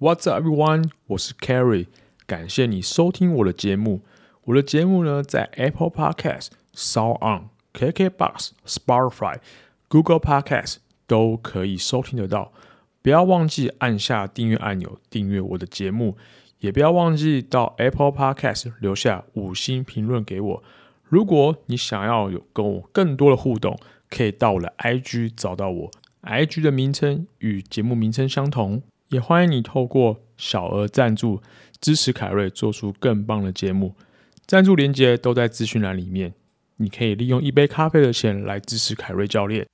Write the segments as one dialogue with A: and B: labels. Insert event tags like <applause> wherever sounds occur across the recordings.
A: What's up, everyone? 我是 Kerry，感謝你收聽我的節目。我的節目呢，在 Apple Podcast、Sound On、KKBox、Spotify、Google Podcast 都可以收聽得到。不要忘記按下訂閱按鈕，訂閱我的節目。也不要忘記到 Apple Podcast 留下五星評論給我。如果你想要有跟我更多的互動，可以到我的 IG 找到我。IG 的名稱與節目名稱相同。也歡迎你透過小額贊助，支持凱瑞做出更棒的節目。贊助鏈接都在資訊欄裡面，你可以利用一杯咖啡的錢來支持凱瑞教練。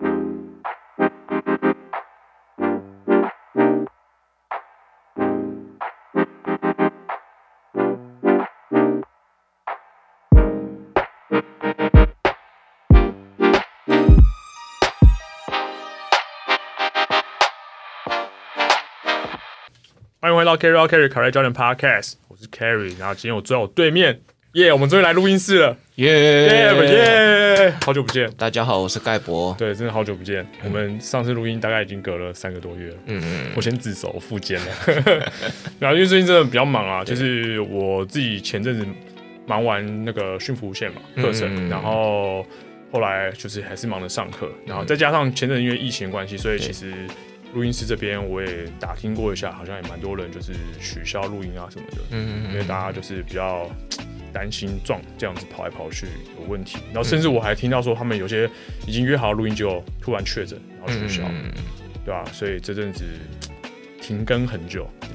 A: Hello, Kerry Hello, Kerry Carry 教練 Podcast，我是 Carry，然後今天我坐在我對面，耶、yeah,，我們終於來錄音室了，耶耶耶，好久不見，大家好，我是蓋柏，對，真的好久不見，嗯、我們上次錄音大概已經隔了三個多月，了。嗯嗯，我先自首復監了，嗯、 <laughs> 然後因為最近真的比較忙啊，就是我自己前陣子忙完那個馴服無限嘛課、嗯、程，然後後來就是還是忙着上課，然後再加上前陣子因為疫情的關係，所以其實、嗯。嗯錄音室這邊我也打聽過一下，好像也蠻多人就是取消錄音啊什麼的，嗯，嗯，嗯，因為大家就是比較擔心撞，這樣子跑來跑去有問題。然後甚至我還聽到說他們有些已經約好錄音就突然確診，然後取消，嗯嗯，對啊，所以這陣子停
B: 更很久。對，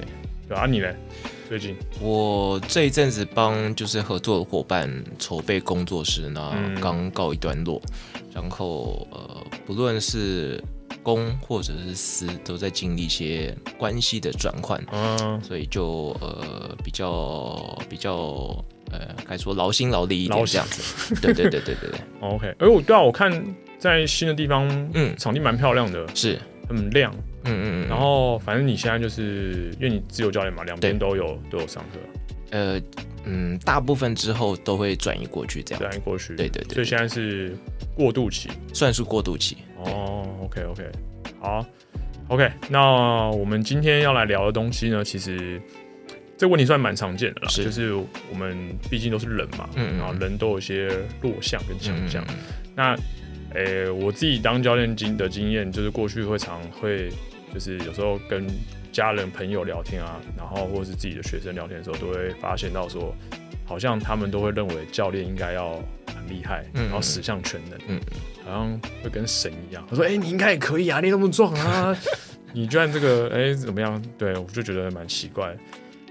B: 對啊，啊你呢？最近我這一陣子幫就是合作的夥伴籌備工作室呢，剛、嗯、告一段落，然後呃，不論是。公或者是私都在經歷一些關係的轉換，嗯、啊，所以就呃比較比較呃，該說勞心勞力一點這樣子，勞 <laughs> 對對對對對對，
A: 對，OK，哎，我，對啊，我看在新的地方，嗯，場地蠻漂亮的，是，很亮，嗯嗯，嗯然後反正你現在就是因為你自由教練嘛，兩邊都有對都有上課，呃嗯，大部分
B: 之後都會轉移，移過去，這樣轉移過去，對對對，所以現在是過渡期，算是過渡期。
A: 哦，OK OK，好，OK，那我們今天要來聊的東西呢，其實這個問題算蠻常見的啦，是就是我們畢竟都是人嘛，啊、嗯嗯，然後人都有一些弱項跟強項。嗯嗯嗯那，誒、欸，我自己當教練經的經驗，就是過去會常會，就是有時候跟家人朋友聊天啊，然後或是自己的學生聊天的時候，都會發現到說。嗯嗯好像他們都會認為教練應該要很厲害，嗯、然後十項全能，嗯，好像會跟神一樣。他說，哎、欸，你應該也可以啊，你那麼壯啊， <laughs> 你居然這個，哎、欸，怎麼樣？對，我就覺得蠻奇怪，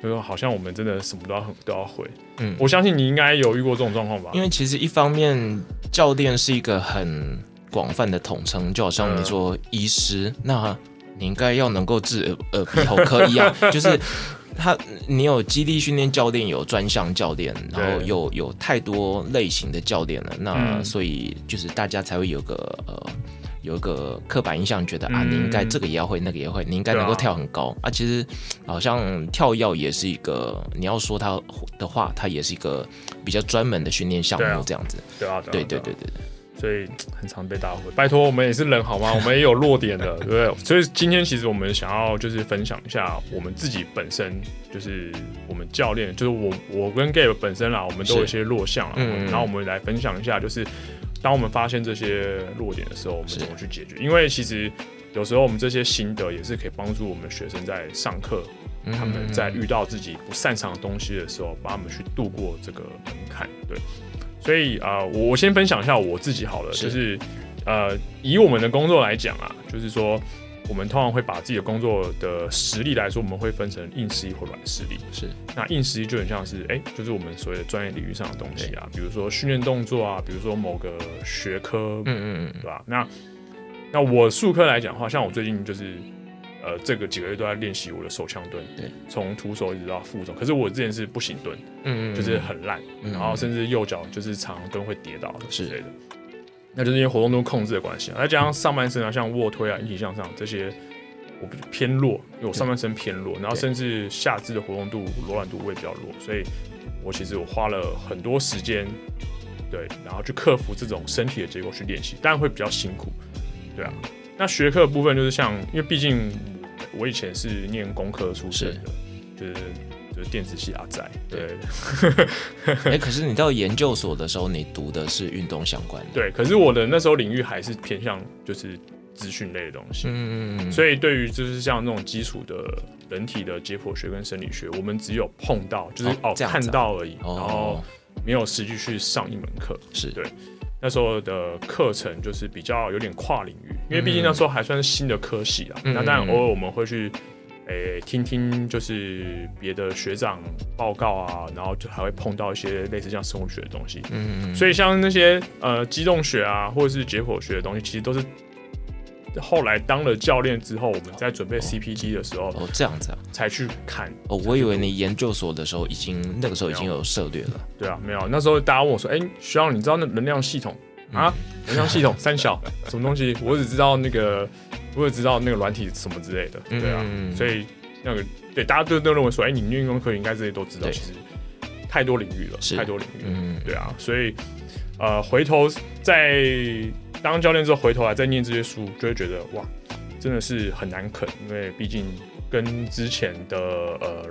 A: 就說好像我們真的什麼都要很都要會。嗯，我相信
B: 你應該有遇過這種狀況吧？因為其實一方面教練是一個很廣泛的統稱，就好像你說醫師，嗯、那你應該要能夠治耳、鼻喉科一樣，啊、 <laughs> 就是。他，你有肌力訓練教練，有專項教練，然後有對有太多類型的教練了。嗯、那所以就是大家才會有個呃，有一個刻板印象，覺得、嗯、啊，你應該這個也要會，那個也會，你應該能夠跳很高啊，啊。其實，好像跳躍也是一個，你要說它的話，它也是一個比較專門的訓練項目，這樣子對、啊。對啊，對啊對對對對。
A: 所以很常被打回。拜託，我們也是人好嗎？我們也有弱點的， <laughs> 對不對？所以今天其實我們想要就是分享一下我們自己本身，就是我們教練，就是我我跟 Gabe 本身啦，我們都有一些弱項啦。是嗯嗯，然後我們來分享一下，就是當我們發現這些弱點的時候，我們怎麼去解決？是因為其實有時候我們這些心得也是可以幫助我們學生在上課，
C: 嗯嗯嗯，他們在
A: 遇到自己不擅長的東西的時候，幫他們去度過這個門檻。對。所以啊、呃，我先分享一下我自己好了，是就是，呃，以我們的工作來講啊，就是說，我們通常會把自己的工作的實力來說，我們會分成硬實力或軟實力。是，那硬實力就很像是，誒、欸，就是我們所謂的專業領域上的東西啊，對比如說訓練動作啊，比如說某個學科，嗯嗯嗯，對吧、啊？那，那我術科來講的話，像我最近就是。呃，這個幾個月都在練習我的手槍蹲，對從徒手一直到負重。可是我之前是不行蹲，嗯，嗯嗯，就是很爛，嗯嗯嗯，然後甚至右腳就是長蹲會跌倒的之類的。是那就是因為活動度控制的關係，啊、再加上上半身啊，像臥推啊、引體向上這些，我偏弱，因為我上半身偏弱，嗯，然後甚至下肢的活動度、柔軟度我也會比較弱，所以，我其實我花了很多時間，對，然後去克服這種身體的結構去練習，當然會比較辛苦，對啊。那學科的部分就是像，因為畢竟我以前是念工科出身的，是
B: 就是就是電子系阿仔。對。哎對、 <laughs> 欸，可是你到研究所的時候，你讀的是運動相關的。對，可是我的那時候領域還是偏向就是資訊類的東西。
A: 嗯嗯嗯。所以對於就是像那種基礎的人體的解剖學跟生理學，我們只有碰到，就是哦，哦這樣 看到而已，哦、然後沒有實際去，去上一門課。是對。那時候的課程就是比較有點跨領域，因為畢竟那時候還算是新的科系啦。嗯、那當然偶爾我們會去誒、欸、聽聽，就是別的學長報告啊，然後就還會碰到一些類似像生物學的東西。嗯嗯。所以像那些呃機動學啊，或者是解剖學的東西，其實都是。後來當了教練之後，我們在準備 CPG 的時候，哦，這樣子啊，才去看
B: 哦。我以為你研究所的時候，已經那個時候已經有涉獵了。
A: 對啊，沒有，那時候大家問我說：“哎，徐亮，你知道那能量系統啊，能量系統三小什麼東西？”我只知道那個，我只知道那個軟體什麼之類的。對啊，所以那個對大家都都認為說：“哎，你們運動科應該這些都知道。”其實太多領域了，太多領域了。對啊，所以呃，回頭再當教練之後，回頭來再念這些書，就會覺得哇，真的是很難啃，因為畢竟跟之前的呃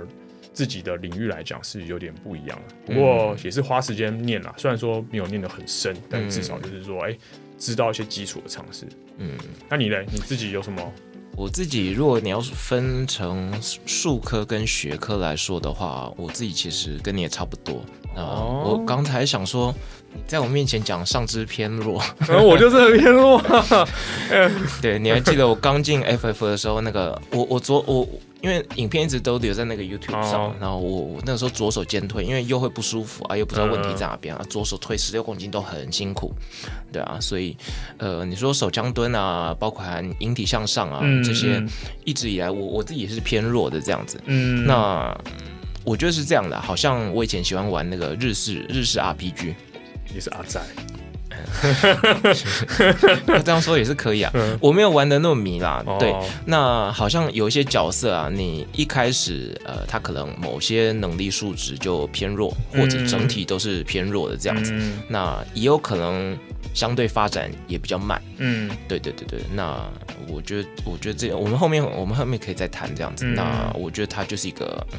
A: 自己的領域來講是有點不一樣，嗯、不過也是花時間念啦，雖然說沒有念得很深，但至少就是說，哎、嗯、欸，知道一些基礎的常
B: 識。
C: 嗯，
A: 那你嘞？你自己有什麼？
B: 我自己，如果你要分成術科跟學科來說的話，我自己其實跟你也差不多。哦，我剛才想說。哦在我面前講上肢偏弱，可能我就是很偏弱。對，你還記得我剛進 FF 的時候，那個我我左我因為影片一直都留在那個 YouTube 上，哦、然後我我那個時候左手肩推，因為又會不舒服啊，又不知道問題在哪邊，呃、啊，左手推十六公斤都很辛苦，對啊，所以呃，你說手槍蹲啊，包括還引體向上啊，嗯嗯，這些，一直以來我我自己也是偏弱的這樣子。嗯，嗯那，那我覺得是這樣的，好像我以前喜歡玩那個日式日式 RPG。也是阿仔，那 <laughs> 這樣說也是可以啊。是我沒有玩得那麼迷啦。對，哦、那好像有一些角色啊，你一開始呃，他可能某些能力數值就偏弱，或者整體都是偏弱的這樣子。嗯、那也有可能相對發展也比較慢。嗯，對對對對。那我覺得，我覺得這個、我們後面我們後面可以再談這樣子。嗯、那我覺得它就是一個嗯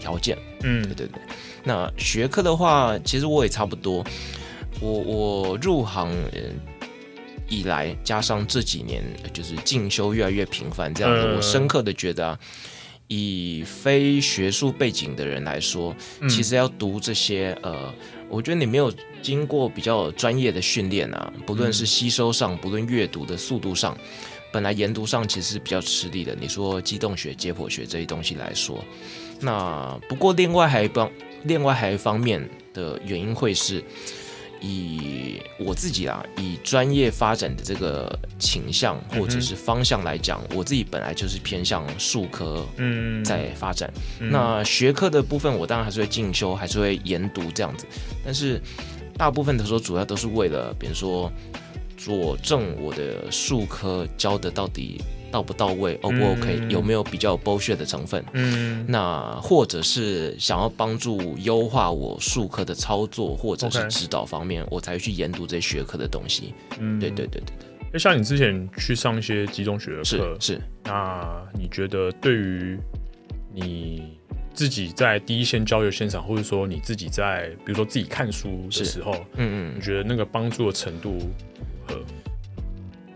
B: 條件。嗯，嗯對對對。那學科的話，其實我也差不多。我我入行以來，加上這幾年就是進修越來越頻繁，這樣子，嗯、我深刻的覺得，以非學術背景的人來說，其實要讀這些、嗯、呃，我覺得你沒有經過比較專業的訓練啊，不論是吸收上，不論閱讀的速度上，嗯、本來研讀上其實是比較吃力的。你說肌動學、解剖學這些東西來說，那不過另外還幫。另外還有一方面的原因會是，以我自己啊，以專業發展的這個傾向或者是方向來講，我自己本來就是偏向術科，
C: 嗯，在發展。嗯嗯、那
B: 學科的部分，我當然還是會進修，還是會研讀這樣子。但是大部分的時候主要都是為了，比如說佐證我的術科教的到底。到不到位？O 不 OK？有沒有比較有剝削的成分？嗯，那或者是想要幫助優化我術科的操作，或者是指導方面，OK 我才去研讀這些學科的東西。嗯，對對對對。誒、
A: 欸，像你之前去上一些集中學的課，
B: 是。那你覺得對於
A: 你自己在第一線教學現場，或者說你自己在比如說自己
B: 看書的時候，嗯嗯，你覺得那個幫助的程度如何？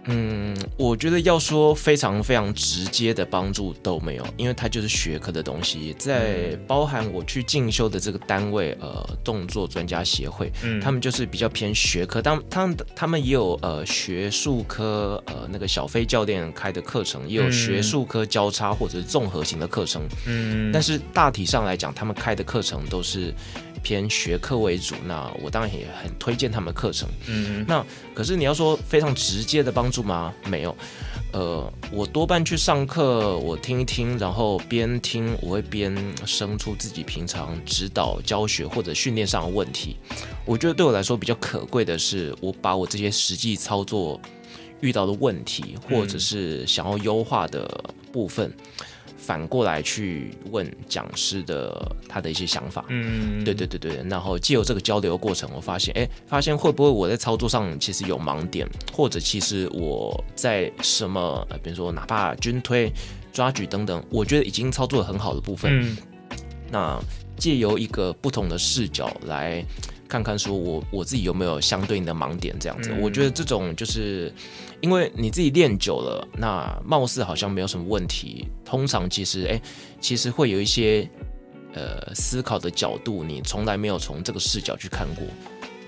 B: 嗯，我覺得要說非常非常直接的幫助都沒有，因為它就是學科的東西。在包含我去進修的這個單位，呃，動作專家協會，嗯，他們就是比較偏學科，當他們他，他們也有，呃，學術科，呃，那個小飛教練開的課程，也有學術科交叉或者是綜合型的課程。嗯，但是大體上來講，他們開的課程都是。偏學科為主，那我當然也很推薦他們的課程。嗯，嗯，那可是你要說非常直接的幫助嗎？沒有。呃，我多半去上課，我聽一聽，然後邊聽我會邊生出自己平常指導教學或者訓練上的問題。我覺得對我來說比較可貴的是，我把我這些實際操作遇到的問題，或者是想要優化的部分。嗯反過來去問講師的他的一些想法，嗯對對對對，然後借由這個交流過程，我發現，誒、欸，發現會不會我在操作上其實有盲點，或者其實我在什麼，比如說哪怕軍推、抓舉等等，我覺得已經操作的很好的部分，嗯、那借由一個不同的視角來。看看，說我我自己有沒有相對應的盲點這樣子？我覺得這種就是因為你自己練久了，那貌似好像沒有什麼問題。通常其實，誒、欸，其實會有一些呃思考的角度，你從來沒有從這個視角去看過。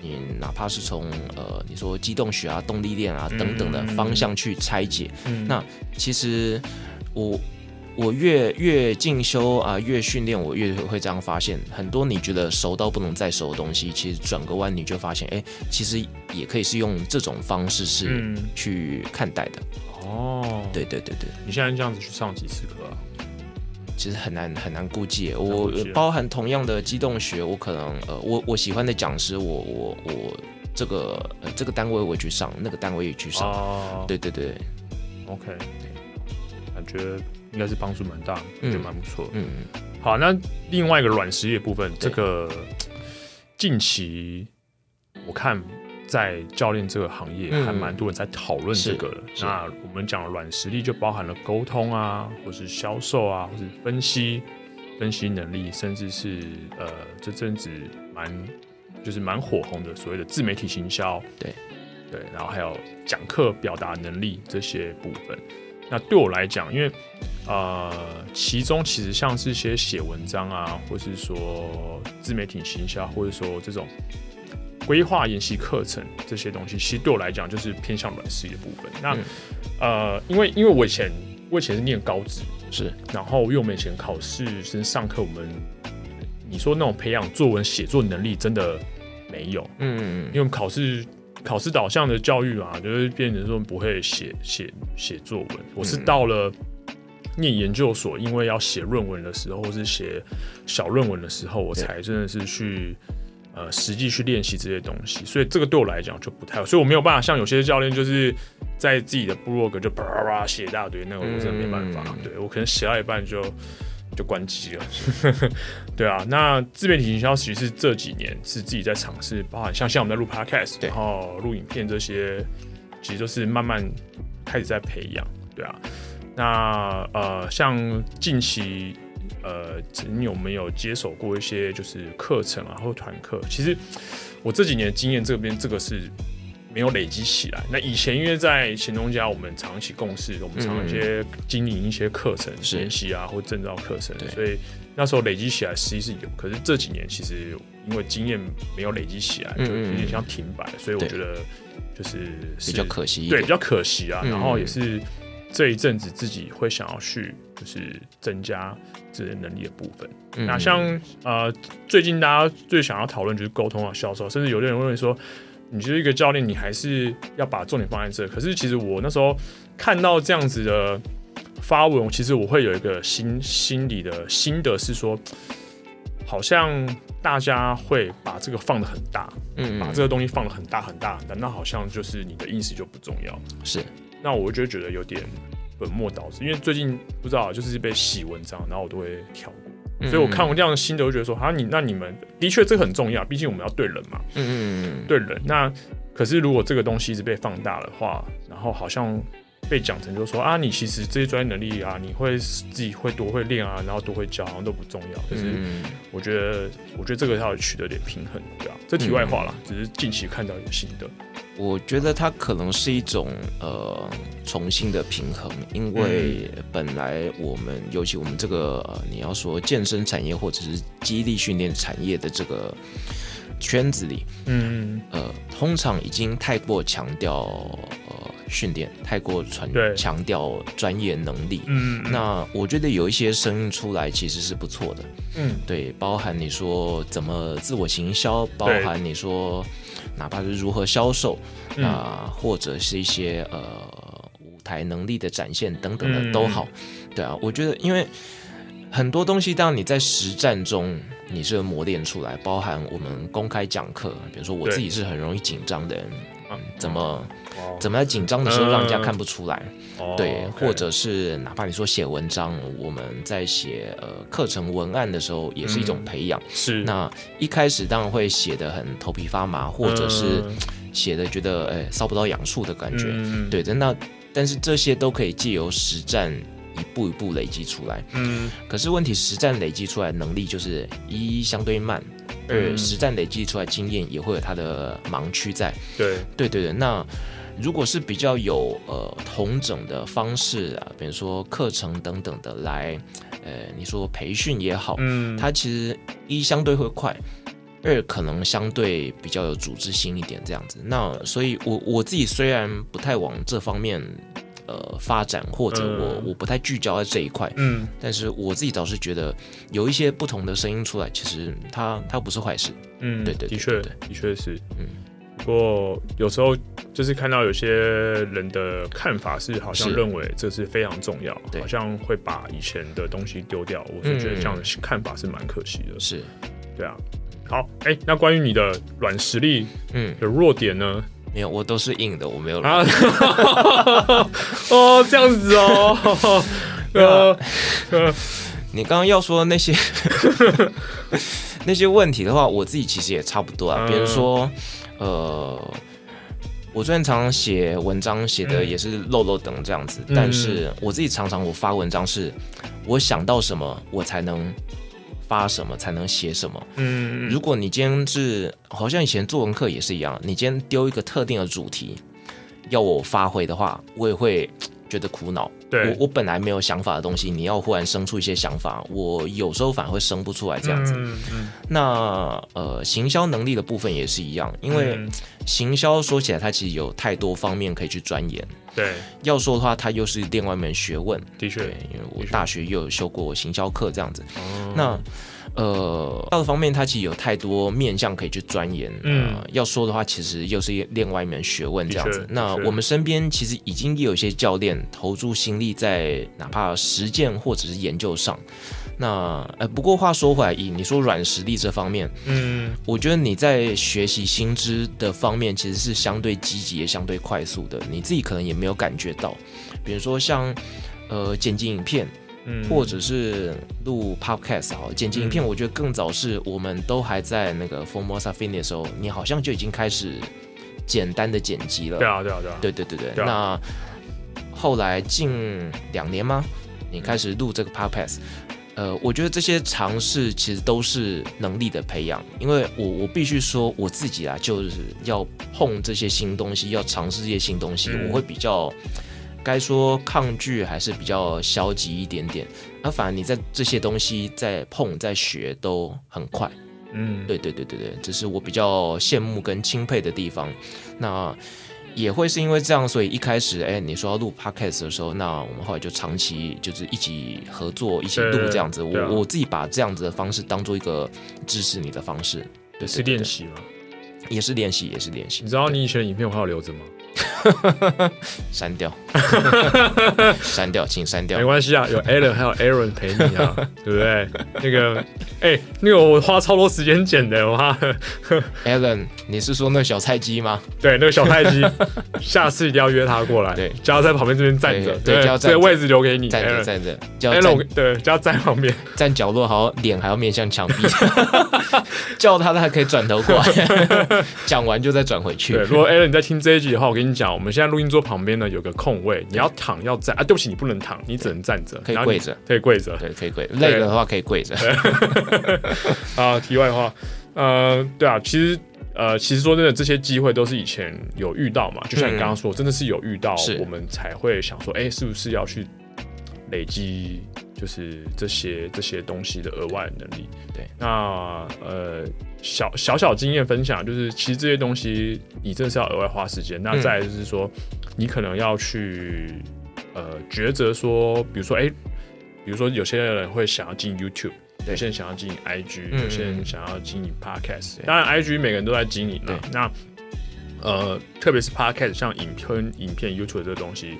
B: 你哪怕是從呃你說機動學啊、動力鏈啊等等的方向去拆解，那其實我。我越越進修啊，越訓練、呃，我越會這樣發現，很多你覺得熟到不能再熟的東西，其實轉個彎，你就發現，哎、欸，其實也可以是用這種方式是去看待的。
C: 哦、嗯，對
B: 對對，對你現在這樣子去上幾次課、啊，其實很難很難估計。估我、呃、包含同樣的肌動學，我可能呃，我我喜歡的講師，我我我這個、呃、這個單位我去上，那個單位也去上。啊、對對對，OK，感覺。應該是幫助蠻大的，也蠻
A: 不錯。嗯，嗯，好，那另外一個軟實力的部分，對這個近期我看在教練這個行業還蠻多人在討論這個。那我們講的軟實力就包含了溝通啊，或是銷售啊，或是分析分析能力，甚至是呃這陣子蠻就是蠻火紅的所謂的自媒體行銷。對對，然後還有講課表達能力這些部分。那對我來講，因為，呃，其中其實像是一些寫文章啊，或是說自媒體行銷，或者說這種規劃、研習課程這些東西，其實對我來講就是偏向軟實力的部分。那，嗯、呃，因為因為我以前我以前是念高職，是，然後因為我們以前考試，其實上課我們，你說那種培養作文寫作能力真的沒有，嗯，因為考試。考試導向的教育啊，就是變成說不會寫寫寫作文。我是到了念研究所，因為要寫論文的時候，或是寫小論文的時候，我才真的是去嘿呃實際去練習這些東西。所以這個對我來講就不太好，所以我沒有辦法像有些教練，就是在自己的部落格就啪啪啪寫一大堆那種、那個。我真的沒辦法。嗯、對我可能寫到一半就。就關機了， <laughs> 對啊。那自媒體營銷其實是這幾年是自己在嘗試，包、啊、含像現在我們在錄 podcast，然後錄影片這些，其實都是慢慢開始在培養，對啊。那呃，像近期呃，你有沒有接手過一些就是課程啊，或團課？其實我這幾年的經驗這邊，這個是。沒有累積起來。那以前因為在前東家，我們長期共事，我們長期經營一些課程學習啊，或證照課程，對所以那時候累積起來實際是有。可是這幾年其實因為經驗沒有累積起來，就有點像停擺。嗯嗯所以我覺得就是,是比較可惜，對，比較可惜啊。嗯嗯然後也是這一陣子自己會想要去就是增加自己能力的部分。嗯嗯那像呃最近大家最想要討論就是溝通啊，銷售，甚至有的人會問說。你就是一個教練，你還是要把重點放在這。可是其實我那時候看到這樣子的發文，其實我會有一個心心裡的心得是說，好像大家會把這個放得很大，嗯，嗯，把這個東西放得很大很大，難道好像就是你的意思就不重要？是。那我就覺得有點本末倒置，因為最近不知道就是被洗文章，然後我都會挑。所以，我看過這樣的心得，就覺得說，嗯、啊，你那你們的確這很重要，畢竟我們要對人嘛，嗯嗯對人。那可是如果這個東西一直被放大的話，然後好像被講成就是說，啊，你其實這些專業能力啊，你會自己會多會練啊，然後多會教，好像都不重要。就是我覺得，嗯、我覺得這個要取得點平衡，對吧、啊？這題外話啦，嗯、只是近期看到一個心得。
B: 我覺得它可能是一種呃重新的平衡，因為本來我們、嗯、尤其我們這個、呃、你要說健身產業或者是肌力訓練產業的這個圈子裡，
C: 嗯
B: 呃，通常已經太過強調呃訓練，太過傳對強調專業能力，嗯，那我覺得有一些聲音出來其實是不錯的，嗯，對，包含你說怎麼自我行銷，包含對你說。哪怕是如何銷售，啊、嗯呃，或者是一些呃舞台能力的展現等等的都好，嗯、對啊，我覺得因為很多東西當你在實戰中你是磨練出來，包含我們公開講課，比如說我自己是很容易緊張的人，人對、嗯、怎麼？怎麼在緊張的時候讓人家看不出來？嗯、對，okay. 或者是哪怕你說寫文章，我們在寫呃課程文案的時候，也是一種培養、嗯。是，那一開始當然會寫的很頭皮發麻，或者是寫的覺得、嗯、哎搔不到癢處的感覺。嗯、對的，那但是這些都可以借由實戰一步一步累積出來。嗯，可是問題，實戰累積出來能力就是一相對慢，二、嗯嗯、實戰累積出來經驗也會有它的盲區在。對，對對對，那。如果是比較有呃統整的方式啊，比如說課程等等的來，呃，你說培訓也好，嗯，它其實一相對會快，二可能相對比較有組織性一點，這樣子。那所以我，我我自己雖然不太往這方面呃發展，或者我、嗯、我不太聚焦在這一塊，嗯，但是我自己倒是覺得有一些不同的聲音出來，其實它它不是壞事，嗯，對對,對,對對，的確的確是，嗯。不過有時候就是看到有些人的
A: 看法是好像認為這是非常重要，好像會把以前的東西丟掉，嗯嗯，我是覺得這樣的看法是蠻可惜的。是，對啊。好，哎、欸，那關於你的
B: 軟實力，嗯，的弱點呢？沒有，我都是硬的，我沒有、啊。 <laughs> <laughs>
C: 哦，這樣子哦。呃、 <laughs> 啊，嗯、
B: 你剛剛要說的那些 <laughs> 那些問題的話，我自己其實也差不多啊，比如、嗯、說。呃，我最近常常寫文章，寫的也是漏漏等，這樣子。嗯，但是我自己常常我發文章是，我想到什麼我才能發什麼，才能寫什麼。嗯，嗯，如果你今天是好像以前作文課也是一樣，你今天丟一個特定的主題要我發揮的話，我也會。覺得苦惱，對我我本來沒有想法的東西，你要忽然生出一些想法，我有時候反而會生不出來這樣子。嗯、那呃，行銷能力的部分也是一樣，因為行銷說起來，它其實有太多方面可以去鑽研。
C: 對，
B: 要說的話，它又是另外一門學問。的確確，因為我大學又有修過行銷課這樣子。嗯、那。呃，道德方面，它其實有太多面向可以去鑽研。嗯、呃，要說的話，其實又是另外一門學問這樣子。實那我們身邊其實已經有一些教練投注心力在哪怕實踐或者是研究上。那，哎、呃，不過話說回來，以你說軟實力這方面，嗯，我覺得你在學習新知的方面其實是相對積極、也相對快速的。你自己可能也沒有感覺到，比如說像，呃，剪輯影片。或者是錄 podcast 好，剪輯影片，我覺得更早是我們都還在那個 Formosa Fitness 的時候，你好像就已經開始簡單的剪輯了。對啊，對啊，對啊，對對對對，對。那後來近兩年嗎？你開始錄這個 podcast，呃，我覺得這些嘗試其實都是能力的培養，因為我我必須說我自己啊，就是要碰這些新東西，要嘗試這些新東西，我會比較。該說抗拒還是比較消極一點點，那反而你在這些東西在碰在學都很快，嗯，對對對對對，這是我比較羨慕跟欽佩的地方。那也會是因為這樣，所以一開始，哎，你說要錄 podcast 的時候，那我們後來就長期就是一起合作一起錄，對對對，這樣子。我、啊、我自己把這樣子的方式當做一個支持你的方式，對，是練習嗎？對，也是練習，也是練習。你知道對你以前的影片我還有留着嗎？ <laughs> 刪刪掉，刪 <laughs> 掉，請刪掉。沒關係啊，有 Alan 還有 Aaron 陪你啊， <laughs> 對
A: 不對？那個，哎、欸，那個我花超多時間剪的，我怕 <laughs> Alan，你是說那個小菜雞嗎？ <laughs> 對，那個小菜雞，下次一定要約他過來， <laughs> 對，就要
B: 在旁邊這邊站着，對，這個位置留給你，站着站着，Alan，對，就要站旁邊，站角落，好，臉還要面向牆壁， <laughs> 叫他他還可以轉頭過來，
A: 講 <laughs> 完就再轉回去。對，如果 Alan 你在聽這一集的話，我跟你講。我們現在錄音桌旁邊呢，有個空位，你要躺你要站啊？對不起，你不能躺，你只能站着，可以跪着，可以跪着，跪著對，可以跪，對累的話可以跪着。啊，題外的話，呃，對啊，其實，呃，其實說真的，這些機會都是以前有遇到嘛，就像你剛剛說，嗯嗯真的是有遇到，是我們才會想說，哎、欸，是不是要去累積？就是這些這些東西的額外能力。對，那呃，小小小經驗分享，就是其實這些東西你真的是要額外花時間。嗯、那再就是說，你可能要去呃抉擇，說比如說，誒、欸，比如說有些人會想要進 YouTube，對有些人想要進 IG，嗯、有些人想要經營 Podcast 對。當然，IG 每個人都在經營。對。那呃，特別是 Podcast，像影片、影片、YouTube 這個東西。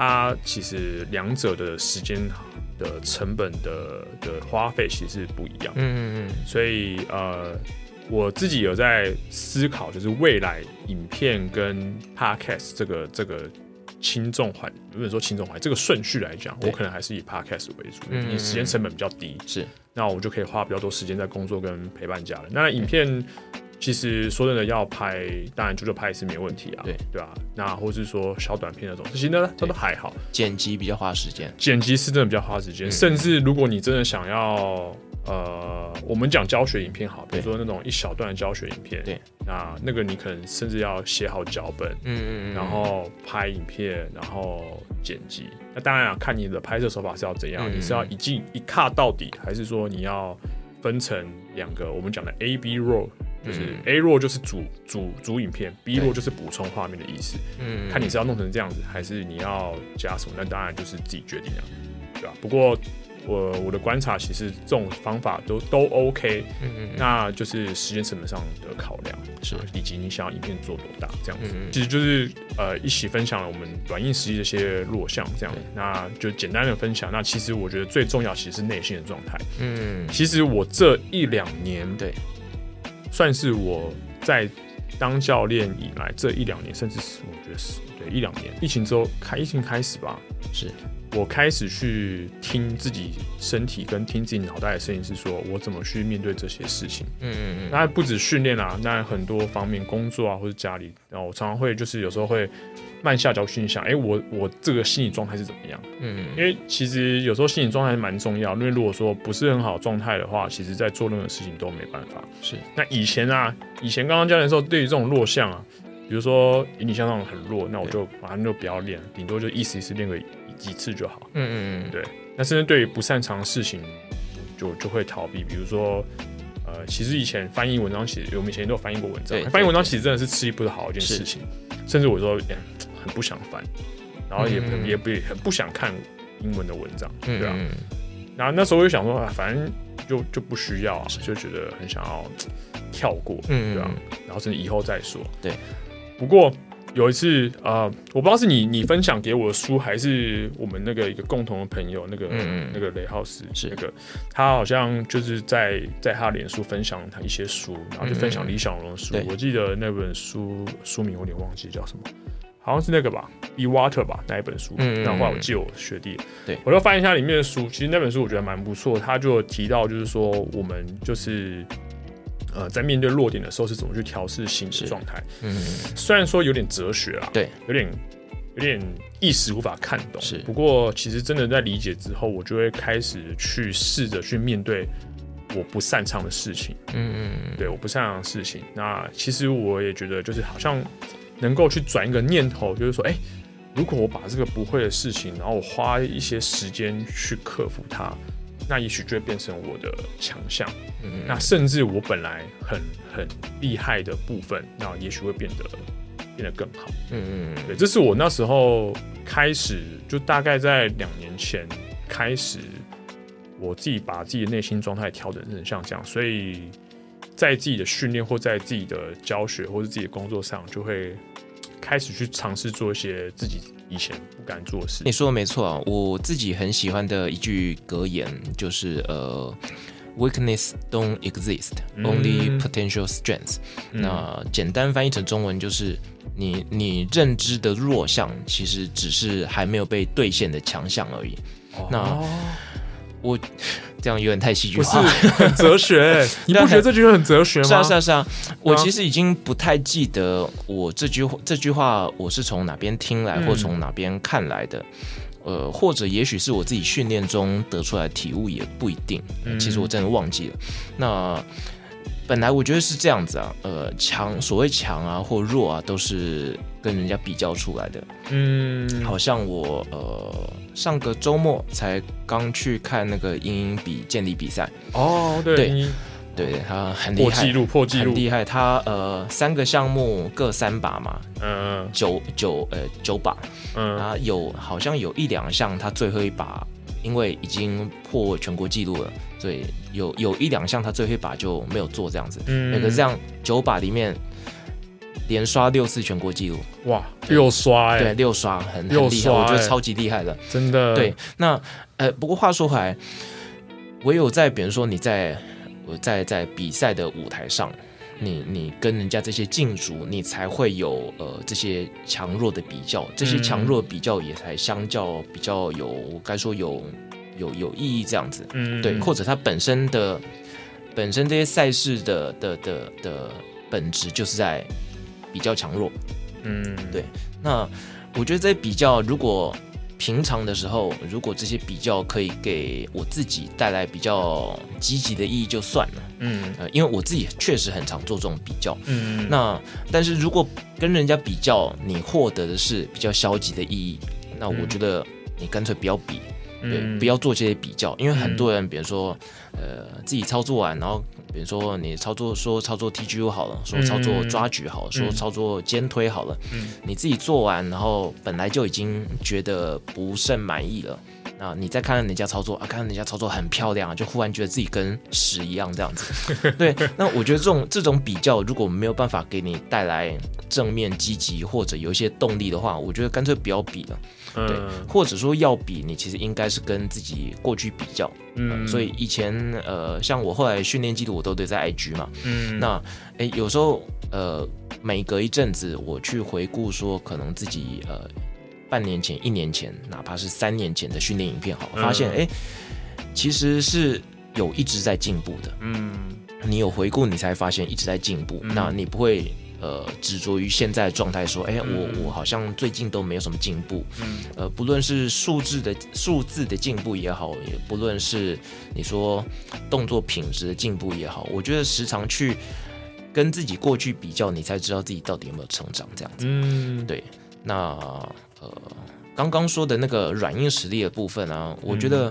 A: 它、啊、其實兩者的時間、的成本的的花費其實是不一樣。嗯嗯嗯。所以呃，我自己有在思考，就是未來影片跟 podcast 這個這個輕重緩，如果說輕重緩，這個順、這個、序來講，對我可能還是以 podcast 為主，嗯嗯嗯因為時間成本比較低。是。那我就可以花比較多時間在工作跟陪伴家人。那影片。其實說真的，要拍當然就就拍是沒問題啊，對對啊，那或是說小短片那種，這些呢，它都還好。剪輯比較花時間，剪輯是真的比較花時間。嗯、甚至如果你真的想要，呃，我們講教學影片好，比如說那種一小段的教學影片，對，那那個你可能甚至要寫好腳本，
C: 嗯嗯對然後
A: 拍影片，然後剪輯。嗯嗯嗯，那當然啊，看你的拍攝手法是要怎樣，嗯嗯嗯，你是要一進一卡到底，還是說你要分成兩個我們講的 A B roll 就是 A-Roll，就是主、嗯、主主影片，B-Roll，就是補充畫面的意思。嗯，看你是要弄成這樣子，還是你要加什麼？那當然就是自己決定了、啊，嗯、對吧、啊？不過我我的觀察，其實這種方法都都 OK 嗯。嗯嗯，那就是時間成本上的考量，是以及你想要影片做多大這樣子。嗯、其實就是呃一起分享了我們軟硬實力這些弱項這樣，嗯、那就簡單的分享。那其實我覺得最重要，其實是內心的狀態、嗯。嗯，其實我這一兩年對。算是我在當教練以來這一兩年，甚至是我覺得是，對，一兩年，疫情之後，開，疫情開始吧，是。我開始去聽自己身體跟聽自己腦袋的聲音，是說我怎麼去面對這些事情。嗯嗯嗯。那不止訓練啦，那很多方面，工作啊或者家裡，然後我常常會就是有時候會慢下腳去想，誒、欸，我我這個心理狀態是怎麼樣？嗯嗯。因為其實有時候心理狀態蠻重要，因為如果說不是很好狀態的話，其實在做任何事情都沒辦法。是。那以前啊，以前剛剛教練的時候，對於這種弱項啊，比如說引體向上很弱，那我就反正就不要練，頂對多就意思意思練個。幾次就好，嗯嗯嗯，對。那甚至對於不擅長的事情，就就會逃避。比如說，呃，其實以前翻譯文章，其實我們以前都有翻譯過文章。對對對，翻譯文章其實真的是吃力不討好的一件事情。行甚至我說，欸，很不想翻，然後也嗯嗯也不，也不，也不很不想看英文的文章，對啊。嗯嗯然後那時候我就想說，啊，反正就就不需要啊，是就覺得很想要跳過，嗯嗯對啊。然後甚至以後再說，嗯嗯對。不過。有一次啊、呃，我不知道是你你分享給我的書，還是我們那個一個共同的朋友那個、嗯、那個雷浩斯寫個，他好像就是在在他的臉書分享他一些書，然後就分享李小龍的書。嗯、我記得那本書對書名我有點忘記叫什麼，好像是那個吧，Be Water 吧那一本書，然後、嗯、後來我借我學弟，對、嗯、我就翻一下裡面的書，其實那本書我覺得蠻不錯，他就提到就是說我們就是。呃，在面對弱點的時候，是怎麼去調試心理狀態？嗯,嗯，雖然說有點哲學啦，對，有點有點一時無法看懂。是，不過其實真的在理解之後，我就會開始去試着去面對我不擅長的事情。嗯
C: 嗯,嗯
A: 對，我不擅長的事情。那其實我也覺得，就是好像能夠去轉一個念頭，就是說，哎，如果我把這個不會的事情，然後我花一些時間去克服它。那也許就會變成我的強項，嗯嗯，那甚至我本來很很厲害的部分，那也許會變得變得更好。嗯嗯嗯，對，這是我那時候開始，就大概在兩年前開始，我自己把自己的內心狀態調整成像這樣，所以在自己的訓練或在自己的教學或是自己的工作上，就會開始去嘗試做一些自己。以前不敢做事，你說
B: 的沒錯啊！我自己很喜歡的一句格言就是：“呃，weakness don't exist, only potential strength。嗯”那簡單翻譯成中文就是：“你你認知的弱項，其實只是還沒有被兌現的強項而已。” oh. 那。我這樣有點太戲劇化，很哲學。 <laughs> 你不覺得這句話很哲學嗎？是啊是啊是啊，我其實已經不太記得我這句話這句話我是從哪邊聽來或從哪邊看來的，嗯、呃，或者也許是我自己訓練中得出來的體悟也不一定。嗯、其實我真的忘記了。那。本來我覺得是這樣子啊，呃，強所謂強啊或弱啊，都是跟人家比較出來的。
C: 嗯，
B: 好像我呃上個周末才剛去看那個英英比健力比賽。
C: 哦，對，對，音音
B: 對，他很厲害，破紀錄，破紀錄，很厲害。他呃三個項目各三把嘛，嗯，九九呃九把，嗯，啊有好像有一兩項他最後一把。因為已經破全國紀錄了，所以有有一兩項他最後一把就沒有做這樣子。嗯，那個這樣九把裡面連刷六次全國紀錄。哇，六刷，欸、刷！對，六刷很很厲害，欸、我覺得超級厲害的，真的。對，那呃，不過話說回來，唯有在比如說你在我在在比賽的舞台上。你你跟人家這些競逐，你才會有呃這些強弱的比較，這些強弱比較也才相較比較有我該說有有有意義這樣子，嗯，對，或者它本身的本身這些賽事的的的的本質就是在比較強弱，嗯，對，那我覺得這些比較如果，平常的時候，如果這些比較可以給我自己帶來比較積極的意義，就算了。
C: 嗯、呃，
B: 因為我自己確實很常做這種比較。嗯，那但是如果跟人家比較，你獲得的是比較消極的意義，那我覺得你乾脆不要比，嗯、
C: 對，不
B: 要做這些比較，因為很多人，比如說，呃，自己操作完然後。比如說，你操作說操作 TGU 好了，說操作抓舉好了，嗯、說操作肩推好了，嗯、你自己做完，然後本來就已經覺得不甚滿意了，啊，你再看看人家操作啊，看看人家操作很漂亮啊，就忽然覺得自己跟屎一樣這樣子。 <laughs> 對，那我覺得這種這種比較，如果沒有辦法給你帶來正面積極或者有一些動力的話，我覺得乾脆不要比了。對，或者說要比你其實應該是跟自己過去比較，嗯、呃，所以以前呃，像我後來訓練記錄我都得在 IG 嘛，嗯，那哎有時候呃，每隔一陣子我去回顧說，可能自己呃半年前、一年前，哪怕是三年前的訓練影片，好，發現哎、嗯，其實是有一直在進步的，嗯，你有回顧你才發現一直在進步，嗯、那你不會。呃，執着於現在的狀態，說，哎、欸，我我好像最近都沒有什麼進步。嗯，呃，不論是數字的數字的進步也好，也不論是你說動作品質的進步也好，我覺得時常去跟自己過去比較，你才知道自己到底有沒有成長。這樣子，嗯，對。那呃，剛剛說的那個軟硬實力的部分呢、啊，我覺得、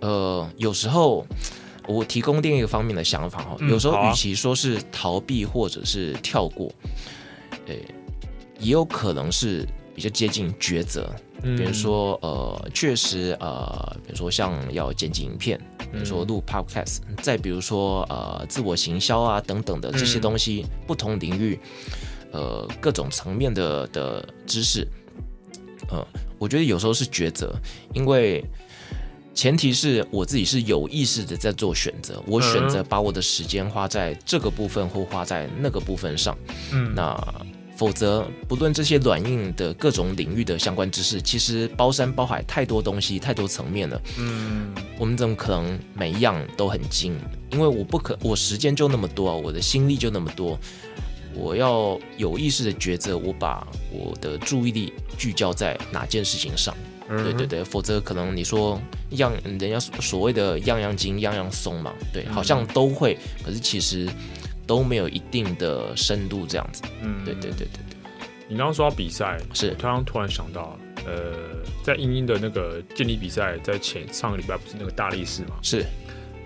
B: 嗯、呃，有時候。我提供另一個方面的想法哈，嗯、有時候與其說是逃避或者是跳過，對、啊欸，也有可能是比較接近抉擇。
C: 嗯、比如說
B: 呃，確實呃，比如說像要剪輯影片，比如說錄 Podcast、嗯、再比如說呃，自我行銷啊等等的這些東西，嗯、不同領域，呃，各種層面的的知識，呃，我覺得有時候是抉擇，因為。前提是我自己是有意識的在做選擇，我選擇把我的時間花在這個部分或花在那個部分上。嗯，那否則不論這些軟硬的各種領域的相關知識，其實包山包海太多東西，太多層面
C: 了。
B: 嗯，我們怎麼可能每一樣都很精？因為我不可，我時間就那麼多，我的心力就那麼多，我要有意識的抉擇，我把我的注意力聚焦在哪件事情上。嗯、對對對，否則可能你說樣人家所謂的樣樣精樣樣鬆嘛，對，嗯、哼好像都會，可是其實都沒有一定的深度這樣子。嗯，對對對對，對你剛剛說到比賽是，我剛剛突然想到，是呃，
A: 在英英的那個健力比賽，在前上個禮拜不是那個大力士嘛？是，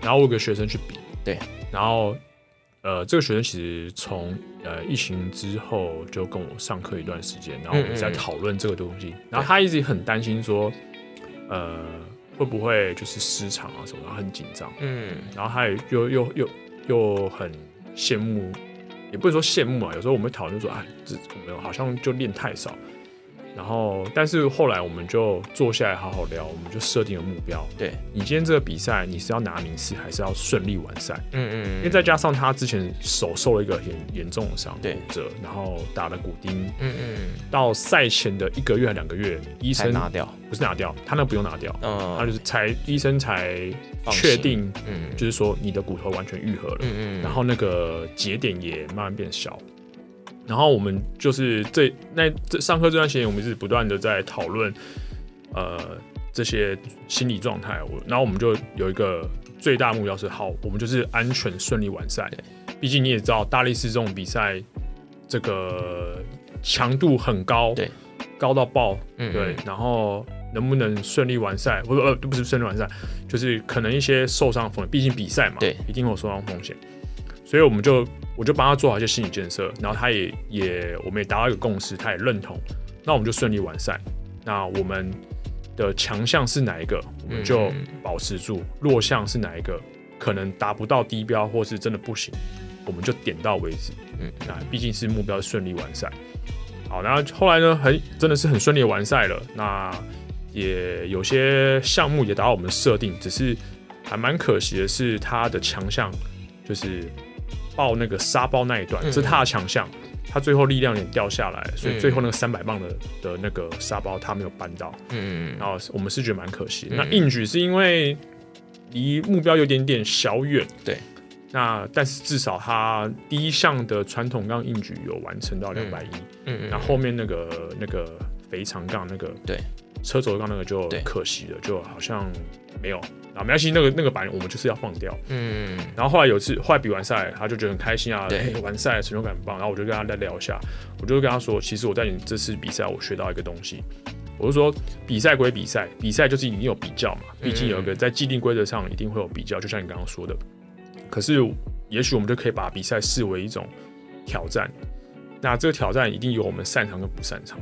A: 然後我有個學生去比。對，然後。呃，這個學生其實從呃疫情之後就跟我上課一段時間，然後我們一直在討論這個東西，嗯嗯嗯，然後他一直很擔心說，對呃，會不會就是失常啊什麼，然後很緊張，嗯，然後他也又又又又很羨慕，也不是說羨慕啊，有時候我們會討論說，哎，這好像就練太少。然後，但是後來我們就坐下來好好聊，我們就設定了目標。對，你今天這個比賽，你是要拿名次，還是要順利完賽？嗯嗯。嗯，因為再加上他之前手受了一個嚴嚴重的傷，骨折對，然後打了骨釘、嗯。嗯嗯。到賽前的一個月還兩個月，醫生拿掉，不是拿掉，他那不用拿掉。嗯。他就是才醫生才確定，嗯，就是說你的骨頭完全愈合了，嗯嗯，嗯嗯，然後那個節點也慢慢變小。然後我們就是這那這上課這段時間，我們是不斷的在討論，呃，這些心理狀態。我，然後我們就有一個最大目標是，好，我們就是安全順利完賽。對畢竟你也知道，大力士這種比賽，這個強度很高，對，高到爆，嗯，嗯，對。然後能不能順利完賽？不是呃，不是順利完賽，就是可能一些受傷風險。畢竟比賽嘛，對，一定會有受傷風險。所以我們就，我就幫他做好一些心理建設，然後他也也，我們也達到一個共識，他也認同。那我們就順利完賽。那我們的強項是哪一個，我們就保持住；弱項是哪一個，嗯嗯可能達不到低標或是真的不行，我們就點到為止。嗯，嗯，嗯，那畢竟是目標順利完賽。好，那後來呢，很真的是很順利的完賽了。那也有些項目也達到我們的設定，只是還蠻可惜的是，他的強項就是。爆那個沙包那一段、嗯、是他的強項，他最後力量也掉下來，嗯、所以最後那個三百磅的的那個沙包他沒有搬到。嗯，然後我們是覺得蠻可惜的。嗯、那硬舉是因為離目標有點點小遠，對。那但是至少他第一項的傳統槓硬舉有完成到兩百一，嗯，那後面那個那個肥長槓那個，對，車軸槓那個就可惜了，對就好像沒有。啊，沒關係，那個那個板我們就是要放掉。嗯，然後後來有一次後來比完賽，他就覺得很開心啊，哎對、欸，完賽成就感很棒。然後我就跟他再聊一下，我就跟他說，其實我在你這次比賽我學到一個東西，我是說比賽歸比賽，比賽就是你有比較嘛，畢竟有一個在既定規則上一定會有比較，嗯、就像你剛剛說的。可是也許我們就可以把比賽視為一種挑戰，那這個挑戰一定有我們擅長跟不擅長。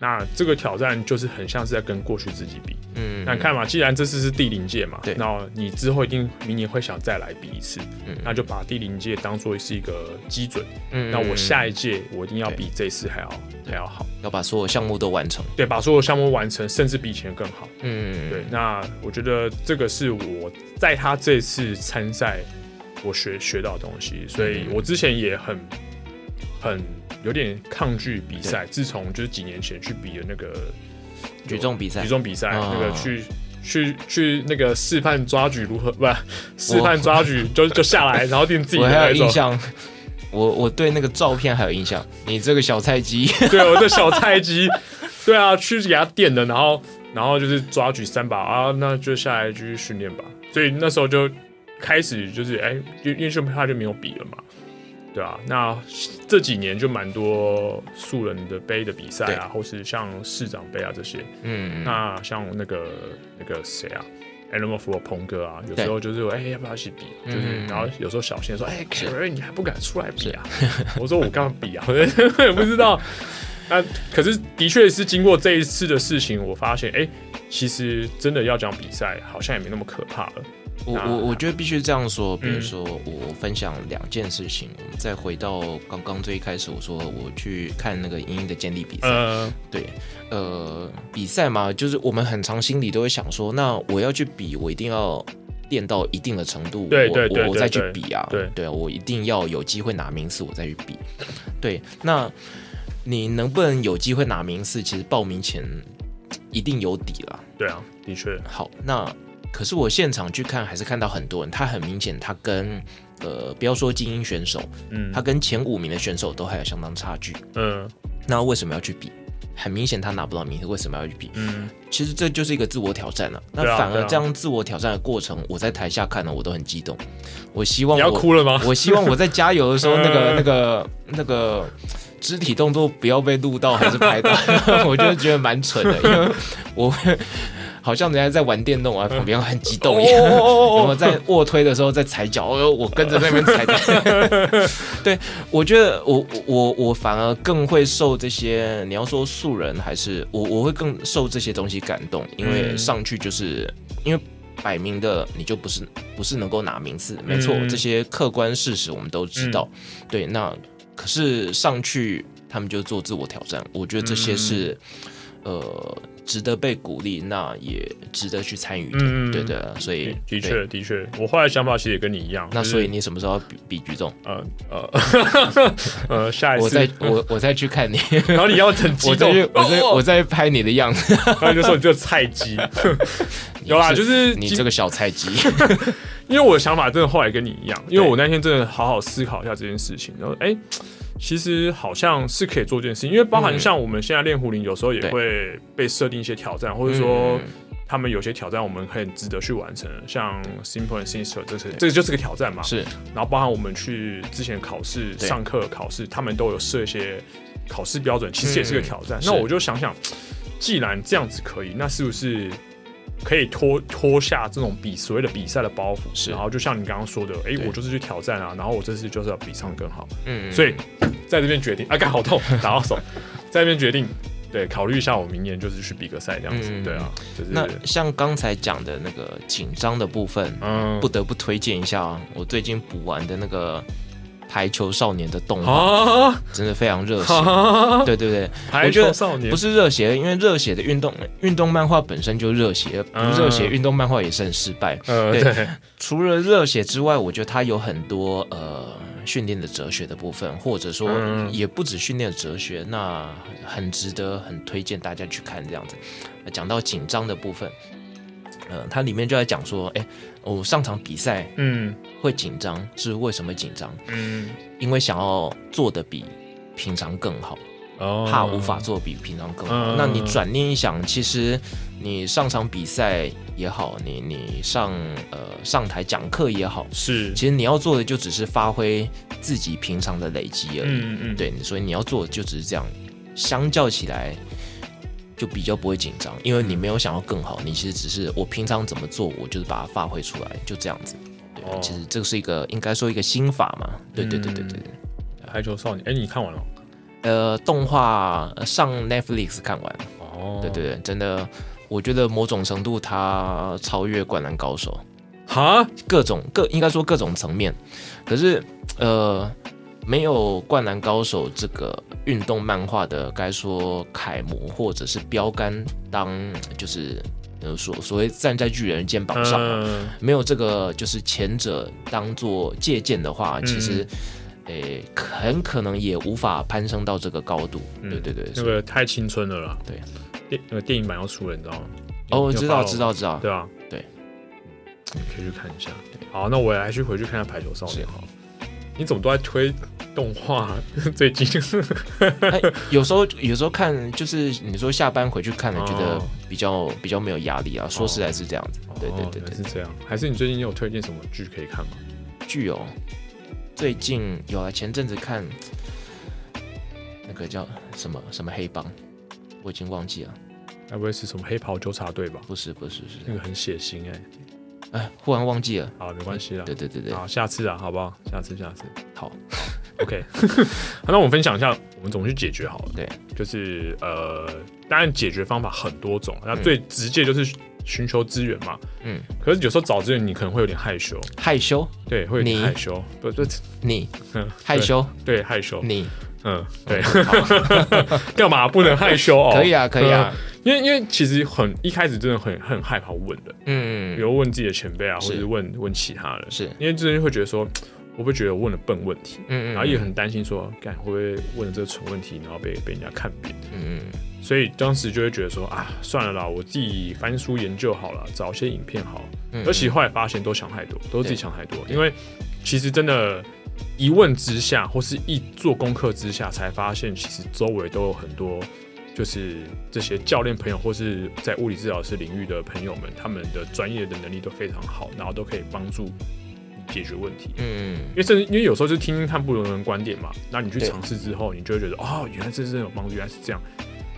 A: 那這個挑戰就是很像是在跟過去自己比，嗯,嗯,嗯，那看嘛，既然這次是第零屆嘛，對，那你之後一定明年會想再來比一次，嗯,嗯,嗯,嗯，那就把第零屆當做是一個基準，嗯,嗯,嗯，那我下一屆我一定要比這次還要對還要好，要把所有項目都完成，對，把所有項目完成，甚至比以前更好，嗯,嗯,嗯,嗯，對，那我覺得這個是我在他這次參賽我學學到的東西，所以我之前也很。嗯嗯嗯很有點抗拒比賽，對自從就是幾年前去比的那個舉重比賽，舉重有比賽、哦、那個去去去那個試探抓舉如何不、啊？試探抓舉就我 就，就下來， <laughs> 然後墊自己。我還有印象，
B: 我我對那個照片還有印象。你這個小菜雞， <laughs> 對，我這小菜雞，對啊，去給他墊的，然
A: 後然後就是抓舉三把啊，那就下來繼續訓練吧。所以那時候就開始就是哎，因、欸、為他就沒有比了嘛。對啊，那這幾年就蠻多素人的杯的比賽啊，對或是像市長杯啊這些。嗯，那像那個那個誰啊，Animofor 鵬哥啊，有時候就是哎對、欸，要不要一起比？嗯就是，然後有時候小仙說，哎，凱瑞可 可 你還不敢出來比啊？是我說我剛比啊，我 <laughs> <laughs> 也不知道。那、啊、可是的確是經過這一次的事情，我發現哎、欸，其實真的要講比賽，好像也沒那麼可怕了。
B: 我我我覺得必須這樣說，比如說我分享兩件事情，我們、嗯、再回到剛剛最一開始，我說我去看那個瑩瑩的健力比賽，呃、對，呃，比賽嘛，就是我們很常心裡都會想說，那我要去比，我一定要練到一定的程
C: 度，我我再去比啊，對對，對，
B: 對，對、啊，我一定要有機會拿名次，我再去比，對，那你能不能有機會拿名次，其實報名前一定有底了，對啊，的確，好，那。可是我現場去看，還是看到很多人。他很明顯，他跟呃，不要說精英選手，嗯，他跟前五名的選手都還有相當差距，嗯。那為什麼要去比？很明顯他拿不到名次，為什麼要去比？嗯。其實這就是一個自我挑戰了、啊。嗯、那反而這樣自我挑戰的過程，啊啊、我在台下看了，我都很激動。我希望我你要哭了嗎？我希望我在加油的時候，那個 <laughs> 那個那個肢體動作不要被錄到還是拍到， <laughs> 我就覺得蠻蠢的， <laughs> 因為我會。好像人家在玩電動啊，旁邊很激動一樣。哦哦哦,哦,哦,哦,哦 <laughs> 有有！我們在臥推的時候在踩腳，我我跟着那邊踩腳。 <laughs> 對，我覺得我我我反而更會受這些。你要說素人還是我，我會更受這些東西感動，因為上去就是因為擺明的你就不是不是能夠拿名次，沒錯，嗯、這些客觀事實我們都知道。嗯、對，那可是上去他們就做自我挑戰，我覺得這些是、嗯、呃。值得被鼓勵，那也值得去參與。對的，所以的確的確，我後來想法其實也跟你一樣。那所以你什麼時候要比舉重？呃呃，呃，下一次我我我再去看你，然後你要很激動，我我再拍你的樣子，他
A: 就說你這個菜雞。
B: 有
C: 啦，就是你這個小菜雞。
A: 因為我的想法真的後來跟你一樣，因為我那天真的好好思考一下這件事情，然後哎。其實好像是可以做一件事情，因為包含像我們現在練壺鈴，有時候也會被設定一些挑戰，嗯、或者說他們有些挑戰，我們可以很值得去完成。像 Simple and Sinister 這
C: 些、個，對這個就是個挑戰嘛。是，
A: 然後包含我們去之前考試、對上課考試，他們都有設一些考試標準，其實也是個挑戰。嗯、那我就想想，是既然這樣子可以，那是不是？可以脫脫下這種比所謂的比賽的包袱，是，然後就像你剛剛說的，哎、欸，對我就是去挑戰啊，然後我這次就是要比上更好，嗯，嗯，所以在這邊
B: 決定，啊，幹，好痛，打到手， <laughs> 在這邊決定，對，考慮一下，我明年就是去比個賽這樣子，嗯嗯對啊，就是那像剛才講的那個緊張的部分，嗯，不得不推薦一下啊，我最近補完的那個。台排球少年的動畫、啊、真的非常熱血，啊、對對對，排球少年不是熱血，因為熱血的運動運動漫畫本身就熱血，不、嗯、熱血運動漫畫也是很失敗。嗯、對，呃、對除了熱血之外，我覺得它有很多呃訓練的哲學的部分，或者說也不止訓練的哲學，嗯、那很值得很推薦大家去看這樣子、呃。講到緊張的部分，呃，它裡面就在講說，哎。哦，上場比賽，嗯，會緊張，嗯、是為什麼緊張？
C: 嗯，
B: 因為想要做得比平常更好，哦、怕無法做比平常更好。哦、那你轉念一想，其實你上場比賽也好，你你上呃上台講課也好，是，其實你要做的就只是發揮自己平常的累積而已。嗯嗯對，所以你要做的就只是這樣，相較起來。就比較不會緊張，因為你沒有想要更好，你其實只是我平常怎麼做，我就是把它發揮出來，就這樣子。對，哦、其實這是一個應該說一個心法嘛。
A: 對對對對對對。《排球少年》哎、欸，你看完了？
B: 呃，動畫、呃、上 Netflix 看完。哦。對對對，真的，我覺得某種程度它超越《灌籃高手》哈，各種各應該說各種層面。可是，呃。沒有《灌籃高手》這個運動漫畫的，該說楷模或者是標杆，當就是所所謂站在巨人肩膀上，沒有這個就是前者當作借鑑的話，其實，誒，很可能也無法攀升到這個高度。對對對，那個
A: 太青春了啦。對，電那個電影版要出了，你
C: 知道嗎？哦，我知道知道知道。對啊，對，你
B: 可以去看一下。好，那我也還是回去看下《排球少年》好。你怎麼都在推動畫？
C: 最近，是、 <laughs> 哎，
B: 有時候有時候看，就是你說下班回去看了，哦、覺得比較比較沒有壓力啊。哦、說實在，是這樣子。
C: 哦、對,對對對，是這樣。
B: 還是你最近你有推薦什麼劇可以看嗎？劇哦，最近有啊。前陣子看那個叫什麼什麼黑幫，我已經忘記了。該、啊、不會是什麼黑袍糾察隊吧？不是不是是那個很血腥哎、欸。哎，忽然忘記了，好，沒關係
A: 了。對對對對，好，下次啊，好不好？下次，下次，好，OK。那我們分享一下，我們怎麼去解決好了。對，就是呃，當然解決方法很多種，那最直接就是尋求資源嘛。嗯，可是有時候找資源，你可能會有點害羞。害羞？對，會害羞。不不，你害羞？對，害羞。你。嗯，對，幹嘛不能害羞哦？可以啊，可以啊，因為因為其實很一開始真的很很害怕問的，嗯，比如問自己的前輩啊，或者問問其他人，是因為之前會覺得說，我不會覺得問了笨問題，嗯，然後也很擔心說，敢會不會問了這個蠢問題，然後被被人家看扁，嗯，所以當時就會覺得說，啊，算了啦，我自己翻書研究好了，找些影片好了，而且後來發現都想太多，都是自己想太多，因為其實真的。一問之下，或是一做功課之下，才發現其實周圍都有很多，就是這些教練朋友或是在物理治療師領域的朋友們，他們的專業的能力都非常好，然後都可以幫助解決問題。嗯，
C: 因
A: 為甚至因為有時候就聽聽看不同人觀點嘛，那你去嘗試之後，你就會覺得對哦，原來這是真的有幫助，原來是這樣。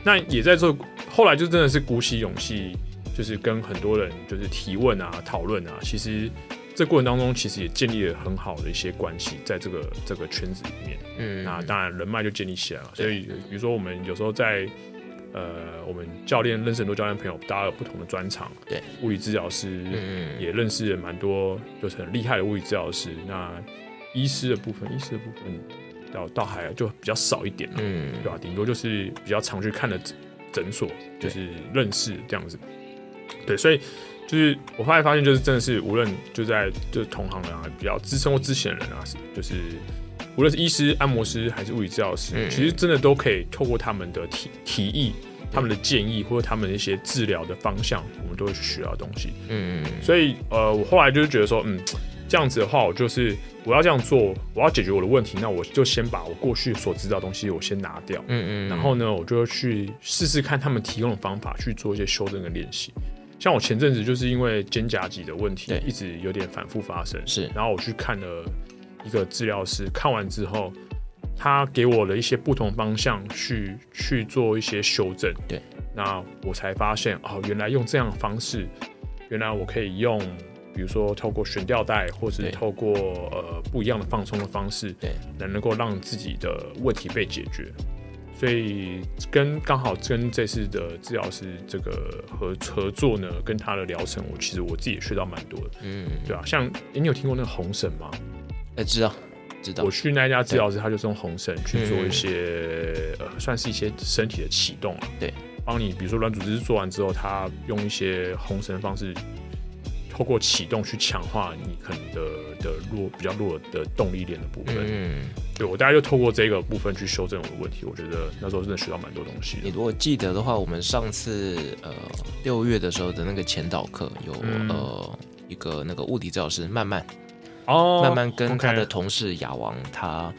A: 那也在做，後來就真的是鼓起勇氣，就是跟很多人就是提問啊、討論啊，其實。這個過程當中，其實也建立了很好的一些關係，在這個這個圈子裡面，嗯，那當然人脈就建立起來了。嗯、所以，比如說我們有時候在，嗯、呃，我們教練認識很多教練朋友，大家有不同的專長，對、嗯，物理治療師、嗯、也認識了蠻多，就是很厲害的物理治療師。那醫師的部分，醫師的部分倒倒還就比較少一點，嗯，對吧？頂多就是比較常去看的診所，就是認識這樣子，嗯、對，對，所以。就是我後來發現，就是真的是無論就在就同行人啊，比較資深或資淺的人啊，是就是無論是醫師、按摩師還是物理治療師，嗯嗯其實真的都可以透過他們的提提議、他們的建議或者他們的一些治療的方向，我們都會去學到東西。嗯，嗯嗯。所以呃，我後來就是覺得說，嗯，這樣子的話，我就是我要這樣做，我要解決我的問題，那我就先把我過去所知道的東西我先拿掉。嗯，嗯
C: 嗯。然後
A: 呢，我就去試試看他們提供的方法去做一些修正的練習。像我前陣子就是因為肩胛肌的問題，一直有點反覆發生。是，然後我去看了一個治療師，看完之後，他給我了一些不同方向去去做一些修正。對，那我才發現，哦，原來用這樣的方式，原來我可以用，比如說透過懸吊帶，或是透過對呃不一樣的放鬆的方式，對，來能夠讓自己的問題被解決。所以跟剛好跟這次的治療師這個合合作呢，跟他的療程，我其實我自己也學到蠻多的，嗯，對啊，像、欸、你有聽過那個紅繩嗎？哎、欸，知道，知道。我去那一家治療師，對他就是用紅繩去做一些，嗯、呃，算是一些身體的啟動啊，對，幫你，比如說軟組織做完之後，他用一些紅繩方式，透過啟動去強化你可能的的弱比較弱的動力鏈的部分，嗯。我大概就透過這個部分去修正
B: 我的問題，我覺得那時候真的學到蠻多東西。你如果記得的話，我們上次呃六月的時候的那個前導課，有、嗯、呃一個那個物理教師慢慢，oh, 慢慢跟他的同事雅王 Okay. 他。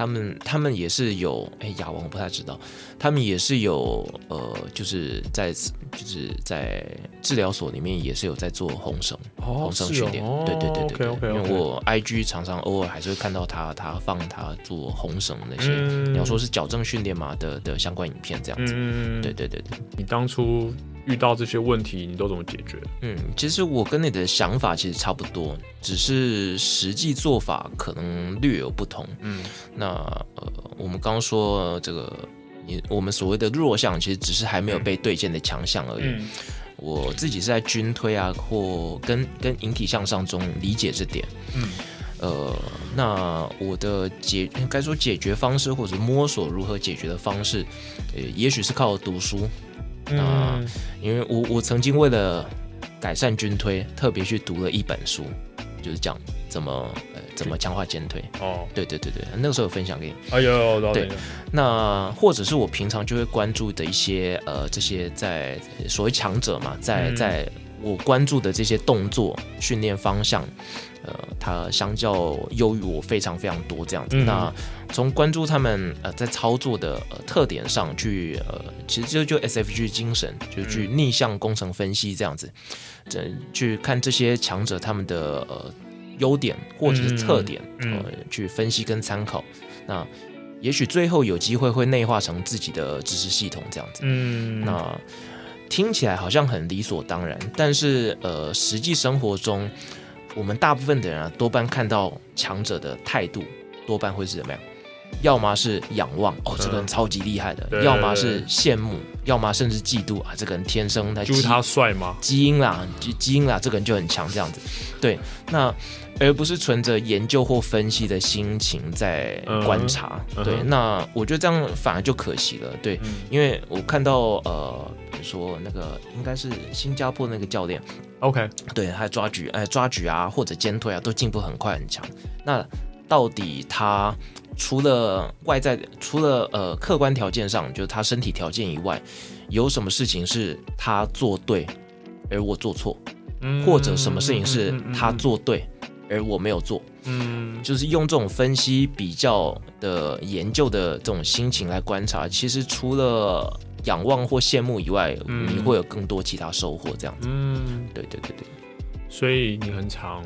B: 他們他們也是有哎，亞、欸、王我不太知道，他們也是有呃，就是在就是在治療所裡面也是有在做紅繩、哦、紅繩訓練，哦、對對對對，對 okay, okay, okay. 因為我 IG 常常偶爾還是會看到他，他放他做紅繩那些，嗯、你要說是矯正訓練嘛的的相關影片這樣子，嗯、對，對，對對對。你當初，遇到這些問題，你都怎麼解決？嗯，其實我跟你的想法其實差不多，只是實際做法可能略有不同。嗯，那呃，我們剛剛說這個，你我們所謂的弱項，其實只是還沒有被對練的強項而已。嗯，我自己是在軍推啊，或跟跟引體向上中理解這點。嗯，呃，那我的解，該說解決方式，或者摸索如何解決的方式，呃，也許是靠讀書。
C: 啊、嗯
B: 呃，因為我我曾經為了改善軍推，特別去讀了一本書，就是講怎麼呃怎麼強化肩推。哦，對對對對，那個時候有分享給你。哎呦、啊，有有對。那或者是我平常就會關注的一些呃這些在所謂強者嘛，在、嗯、在我關注的這些動作訓練方向，呃，他相較優於我非常非常多這樣子。嗯、哼那從關注他們呃在操作的、呃、特點上去呃，其實就就 SFG 精神，嗯、哼就去逆向工程分析這樣子，呃，去看這些強者他們的呃優點或者是特點，嗯、哼呃，去分析跟參考。嗯、哼那也許最後有機會會內化成自己的知識系統這樣子。
C: 嗯哼，那
B: 聽起來好像很理所當然，但是呃，實際生活中。我們大部分的人啊，多半看到強者的態度，多半會是怎麼樣？要麼是仰望，哦，這個人超級厲害的；嗯、要麼是羨慕，嗯、要麼甚至嫉妒啊，這個人天生他就是他帥嗎？基因啦基，基因啦，這個人就很強，這樣子。 <laughs> 對，那而不是存着研究或分析的心情在觀察。嗯、哼對，嗯、哼那我覺得這樣反而就可惜了。對，嗯、因為我看到呃。說那個應該是新加坡那個教練，OK，對，他抓舉哎抓舉啊或者肩推啊都進步很快很強。那到底他除了外在除了呃客觀條件上就是他身體條件以外，有什麼事情是他做對而我做錯？嗯、
C: 或者什麼事情是他
B: 做對、嗯、而我沒有做？嗯，就是用這種分析比較的研究的這種心情來觀察，其實除了。仰望或羨慕以外，嗯、你會有更多其他收穫，這樣子。嗯，對對對對。所以你很常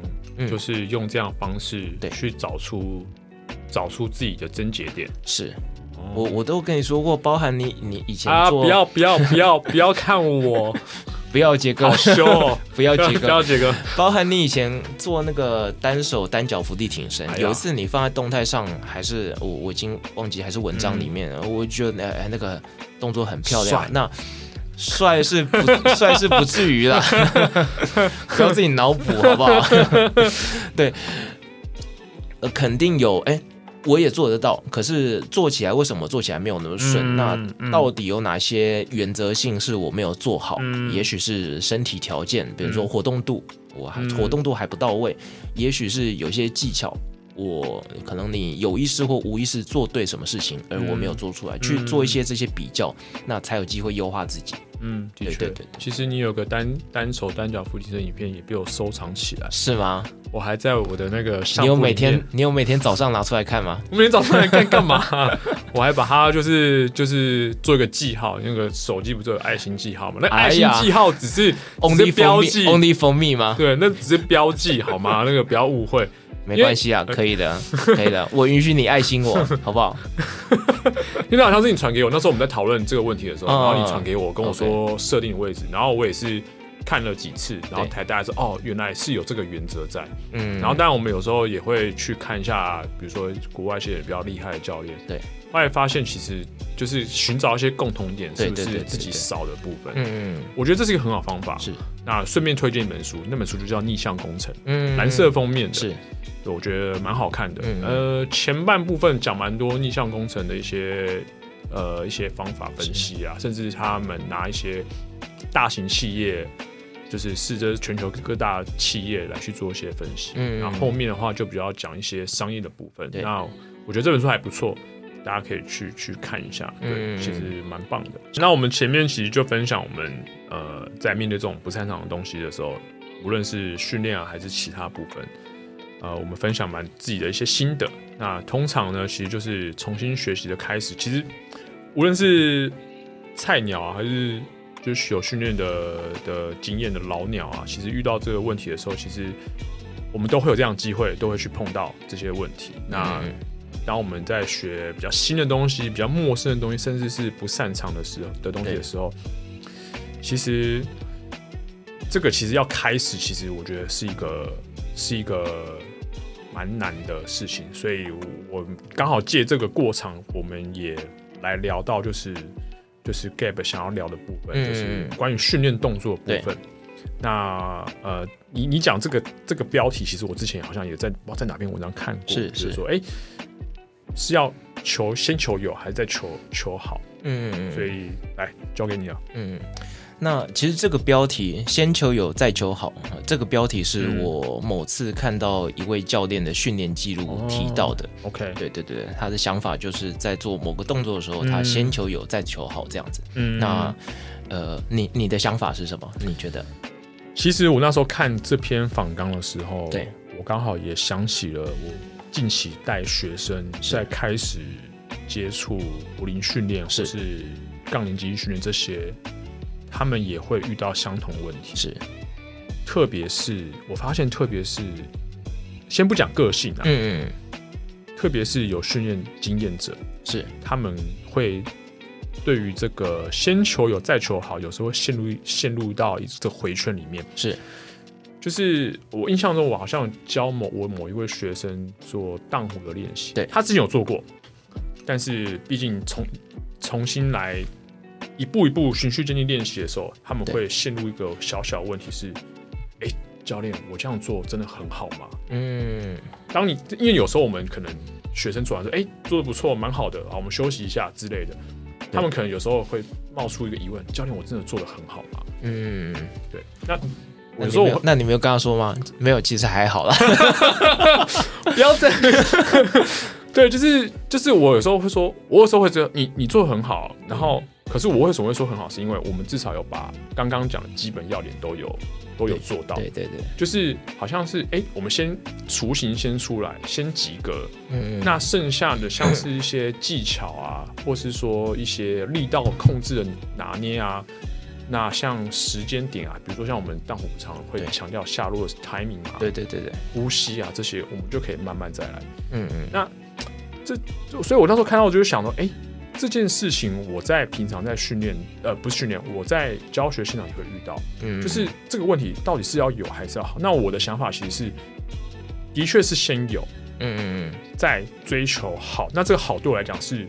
B: 就是用這樣
A: 的方式對去找出、嗯、找出自己的症結點。是、哦、我
B: 我都跟你說過，包含你你以前啊，不要不要不要 <laughs> 不要看我。不要傑哥，哦、不要傑哥， <laughs> 不要傑哥。包含你以前做那個單手單腳伏地挺身，哎、呀有一次你放在動態上，還是我我已經忘記還是文章裡面，嗯、我覺得哎、呃、那個動作很漂亮。帥。那帥是不 <laughs> 帥是不至於啦， <laughs> <laughs> 不要自己腦補好不好？ <laughs> 對、呃，肯定有哎。誒我也做得到，可是做起來為什麼做起來沒有那麼順？嗯、那到底有哪些原則性是我沒有做好？嗯、也許是身體條件，比如說活動度，我還活動度還不到位；嗯、也許是有些技巧，我可能你有意識或無意識做對什麼事情，而我沒有做出來，嗯、去做一些這些比較，嗯、那才有機會優化自己。嗯，的確。對對對其實你有
A: 個單單手單腳扶梯的影片也被我收藏起來，是嗎？我還在我的那個面，你有每天，
B: 你有每天早上拿出來看
A: 嗎？我每天早上來看幹嘛？ <laughs> 我還把它就是就是做一個記號，那個手機不就有愛心記號嗎？那愛心記號只是 Only、哎、呀標記 Only 蜂蜜嗎？對，那只是標記，好嗎？那個不要誤會。
B: 沒關係啊，yeah, okay. 可以的， <laughs> 可以的，我允許你愛心我， <laughs> 好不好？
A: 因為好像是你傳給我，那時候我們在討論這個問題的時候，uh, 然後你傳給我，跟我說設定的位置，Okay. 然後我也是看了幾次，然後才大概說對哦，原來是有這個原則在。嗯，然後當然我們有時候也會去看一下，比如說國外一些比較厲害的教練，對。我也發現，其實就是尋找一些共同點，是不是自己少的部分？嗯嗯，我覺得這是一個很好方法。是，那順便推薦一本書，那本書就叫《逆向工程》，藍色封面的，是，我覺得蠻好看的。呃，前半部分講蠻多逆向工程的一些呃一些方法分析啊，甚至他們拿一些大型企業，就是試着全球各大企業來去做一些分析。嗯，然後後面的話就比較講一些商業的部分。那我覺得這本書還不錯。大家可以去去看一下，對，嗯嗯嗯，其實蠻棒的。那我們前面其實就分享我們呃，在面對這種不擅長的東西的時候，無論是訓練啊，還是其他部分，呃，我們分享完自己的一些心得。那通常呢，其實就是重新學習的開始。其實無論是菜鳥啊，還是就是有訓練的的經驗的老鳥啊，其實遇到這個問題的時候，其實我們都會有這樣的機會，都會去碰到這些問題。那，那、嗯然後我們在學比較新的東西、比較陌生的東西，甚至是不擅長的時候的東西的時候，嗯、其實這個其實要開始，其實我覺得是一個是一個蠻難的事情。所以我，我剛好借這個過程我們也來聊到就是就是 Gab 想要聊的部分，嗯、就是關於訓練動作的部分。嗯、那呃，你你講這個這個標題，其實我之前好像也在在哪篇文章看過，就是說哎。是誒是要求先求有，還是再求
B: 求好？
C: 嗯，所
B: 以來交給你了。嗯，那其實這個標題“先求有，再求好”這個標題是我某次看到一位教練的訓練記錄提到的。哦、OK，對對對，他的想法就是在做某個動作的時候，嗯、他先求有，再求好這樣子。嗯，那呃，你你的想法是什麼？你覺得？其實我那時候看這篇訪綱的時候，對我剛好也想
A: 起了我。近期帶學生在開始接觸武林訓練是或是槓鈴肌力訓練這些，是他們也會遇到相同問題。是，特別是我發現特，特別是先不講個性啊，嗯嗯，特別是有訓練經驗者，是他們會對於這個先求有再求好，有時候會陷入陷入到一個回圈裡面。是。就是我印象中，我好像教某我某一位學生做盪壺的練習。對，他之前有做過，但是畢竟重重新來，一步一步循序漸進練習的時候，他們會陷入一個小小的問題是：對欸、教練，我這樣做真的很好嗎？
C: 嗯，
A: 當你因為有時候我們可能學生做完說，哎、欸，做得不錯，蠻好的啊，我們休息一下之類的，嗯、他們可能有時候會冒出一個疑問：教練，我真的做得很好嗎？嗯，對，那。
B: 我說我會，那你沒有跟他說嗎？沒有，其實還好啦。
A: <laughs> 不要這再樣。 <laughs> 對，就是就是，我有時候會說，我有時候會覺得你你做的很好。然後，嗯、可是我為什麼會說很好？是因為我們至少有把剛剛講的基本要點都有對都有做到。對對對，就是好像是哎、欸，我們先雛形先出來，先及格。嗯，嗯。那剩下的像是一些技巧啊，嗯、或是說一些力道控制的拿捏啊。那像時間點啊，比如說像我們盪壺常會強調下落的 timing 啊，對對對對，呼吸啊這些，我們就可以慢慢再來。嗯嗯，那這，所以我那時候看到，我就想說，哎、欸，這件事情我在平常在訓練，呃，不是訓練，我在教學現場也會遇到。嗯嗯，就是這個問題到底是要有還是要好？那我的想法其實是，的確是先有，嗯嗯嗯，再追求好。那這個好對我來講是，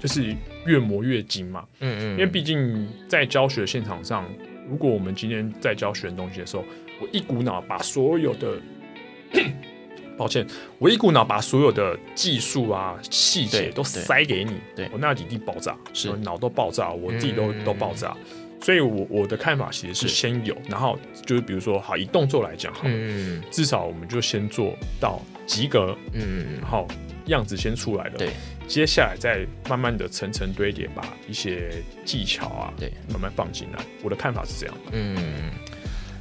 A: 就是。越磨越精嘛，嗯嗯，因為畢竟在教學現場上，如果我們今天在教學的東西的時候，我一股腦把所有的，抱歉，我一股腦把所有的技術啊細節都塞給你，對我、喔、那裡地爆炸，是腦都爆炸，我自己都、嗯、都爆炸，所以我我的看法其實是先有，對然後就是比如說好，以動作來講，好，嗯嗯嗯，至少我們就先做到及格，嗯，好樣子先出來了，對。接下來再慢慢的層層堆疊，把一些技巧啊，對，慢慢放進來。我的看法是這樣嗯，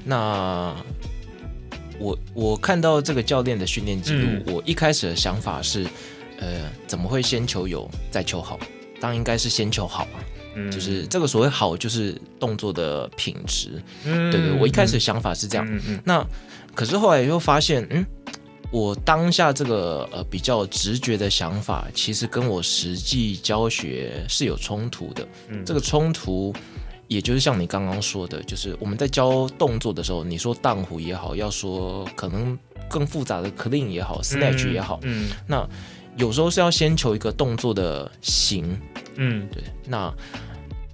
B: 那我我看到這個教練的訓練記錄，嗯，我一開始的想法是，呃，怎麼會先求有再求好？當然應該是先求好啊。嗯，就是這個所謂好，就是動作的品質。嗯，
C: 對，對對，我一開始
B: 的想法是這樣。嗯嗯，嗯嗯嗯那可是後來又發現，嗯。我當下這個呃比較直覺的想法，其實跟我實際教學是有衝突的。嗯、這個衝突，也就是像你剛剛說的，就是我們在教動作的時候，你說盪壺也好，要說可能更複雜的 clean 也好，snatch 也好，嗯，嗯，那有時候是要先求一個動作的型，嗯，對，那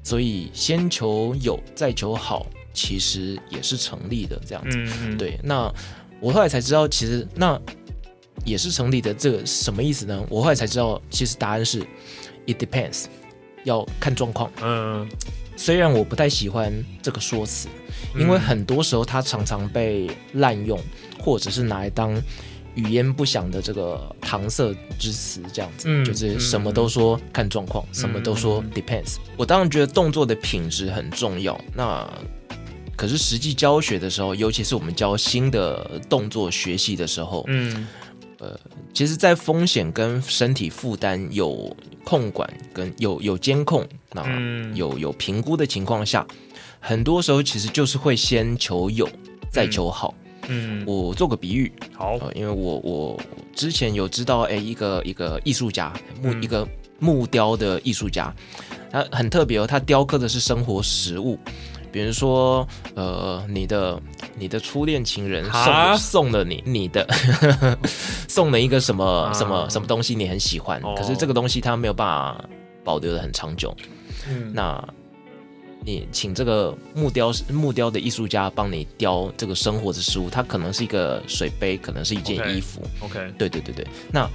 B: 所以先求有再求好，其實也是成立的這樣子。嗯嗯、對，那。我後來才知道，其實那也是成立的。這個什麼意思呢？我後來才知道，其實答案是，it depends，要看狀況。嗯,嗯，雖然我不太喜歡這個說辭，
C: 因為很
B: 多時候它常常被濫用，嗯、或者是拿來當語焉不詳的這個搪塞之詞，這樣子，就是什麼都說看狀況，嗯嗯嗯什麼都說 depends。我當然覺得動作的品質很重要。那可是實際教學的時候，尤其是我們教新的動作學習的時候，嗯，呃，其實，在風險跟身體負擔有控管跟有有監控，那、啊嗯、有有評估的情況下，很多時候其實就是會先求有，再求好。嗯，嗯我做個比喻，好、呃，因為我我之前有知道，哎，一個一個藝術家木、嗯、一個木雕的藝術家，他很特別哦，他雕刻的是生活實物。比如說，呃，你的你的初戀情人送哈送了你，你的呵呵送了一個什麼、啊、什麼什麼東西，你很喜歡，哦、可是這個東西它沒有辦法保留得很長久。嗯，那你請這個木雕木雕的藝術家幫你雕這個生活的實物，它可能是一個水杯，可能是一件衣服。OK，, okay. 對對對對，那。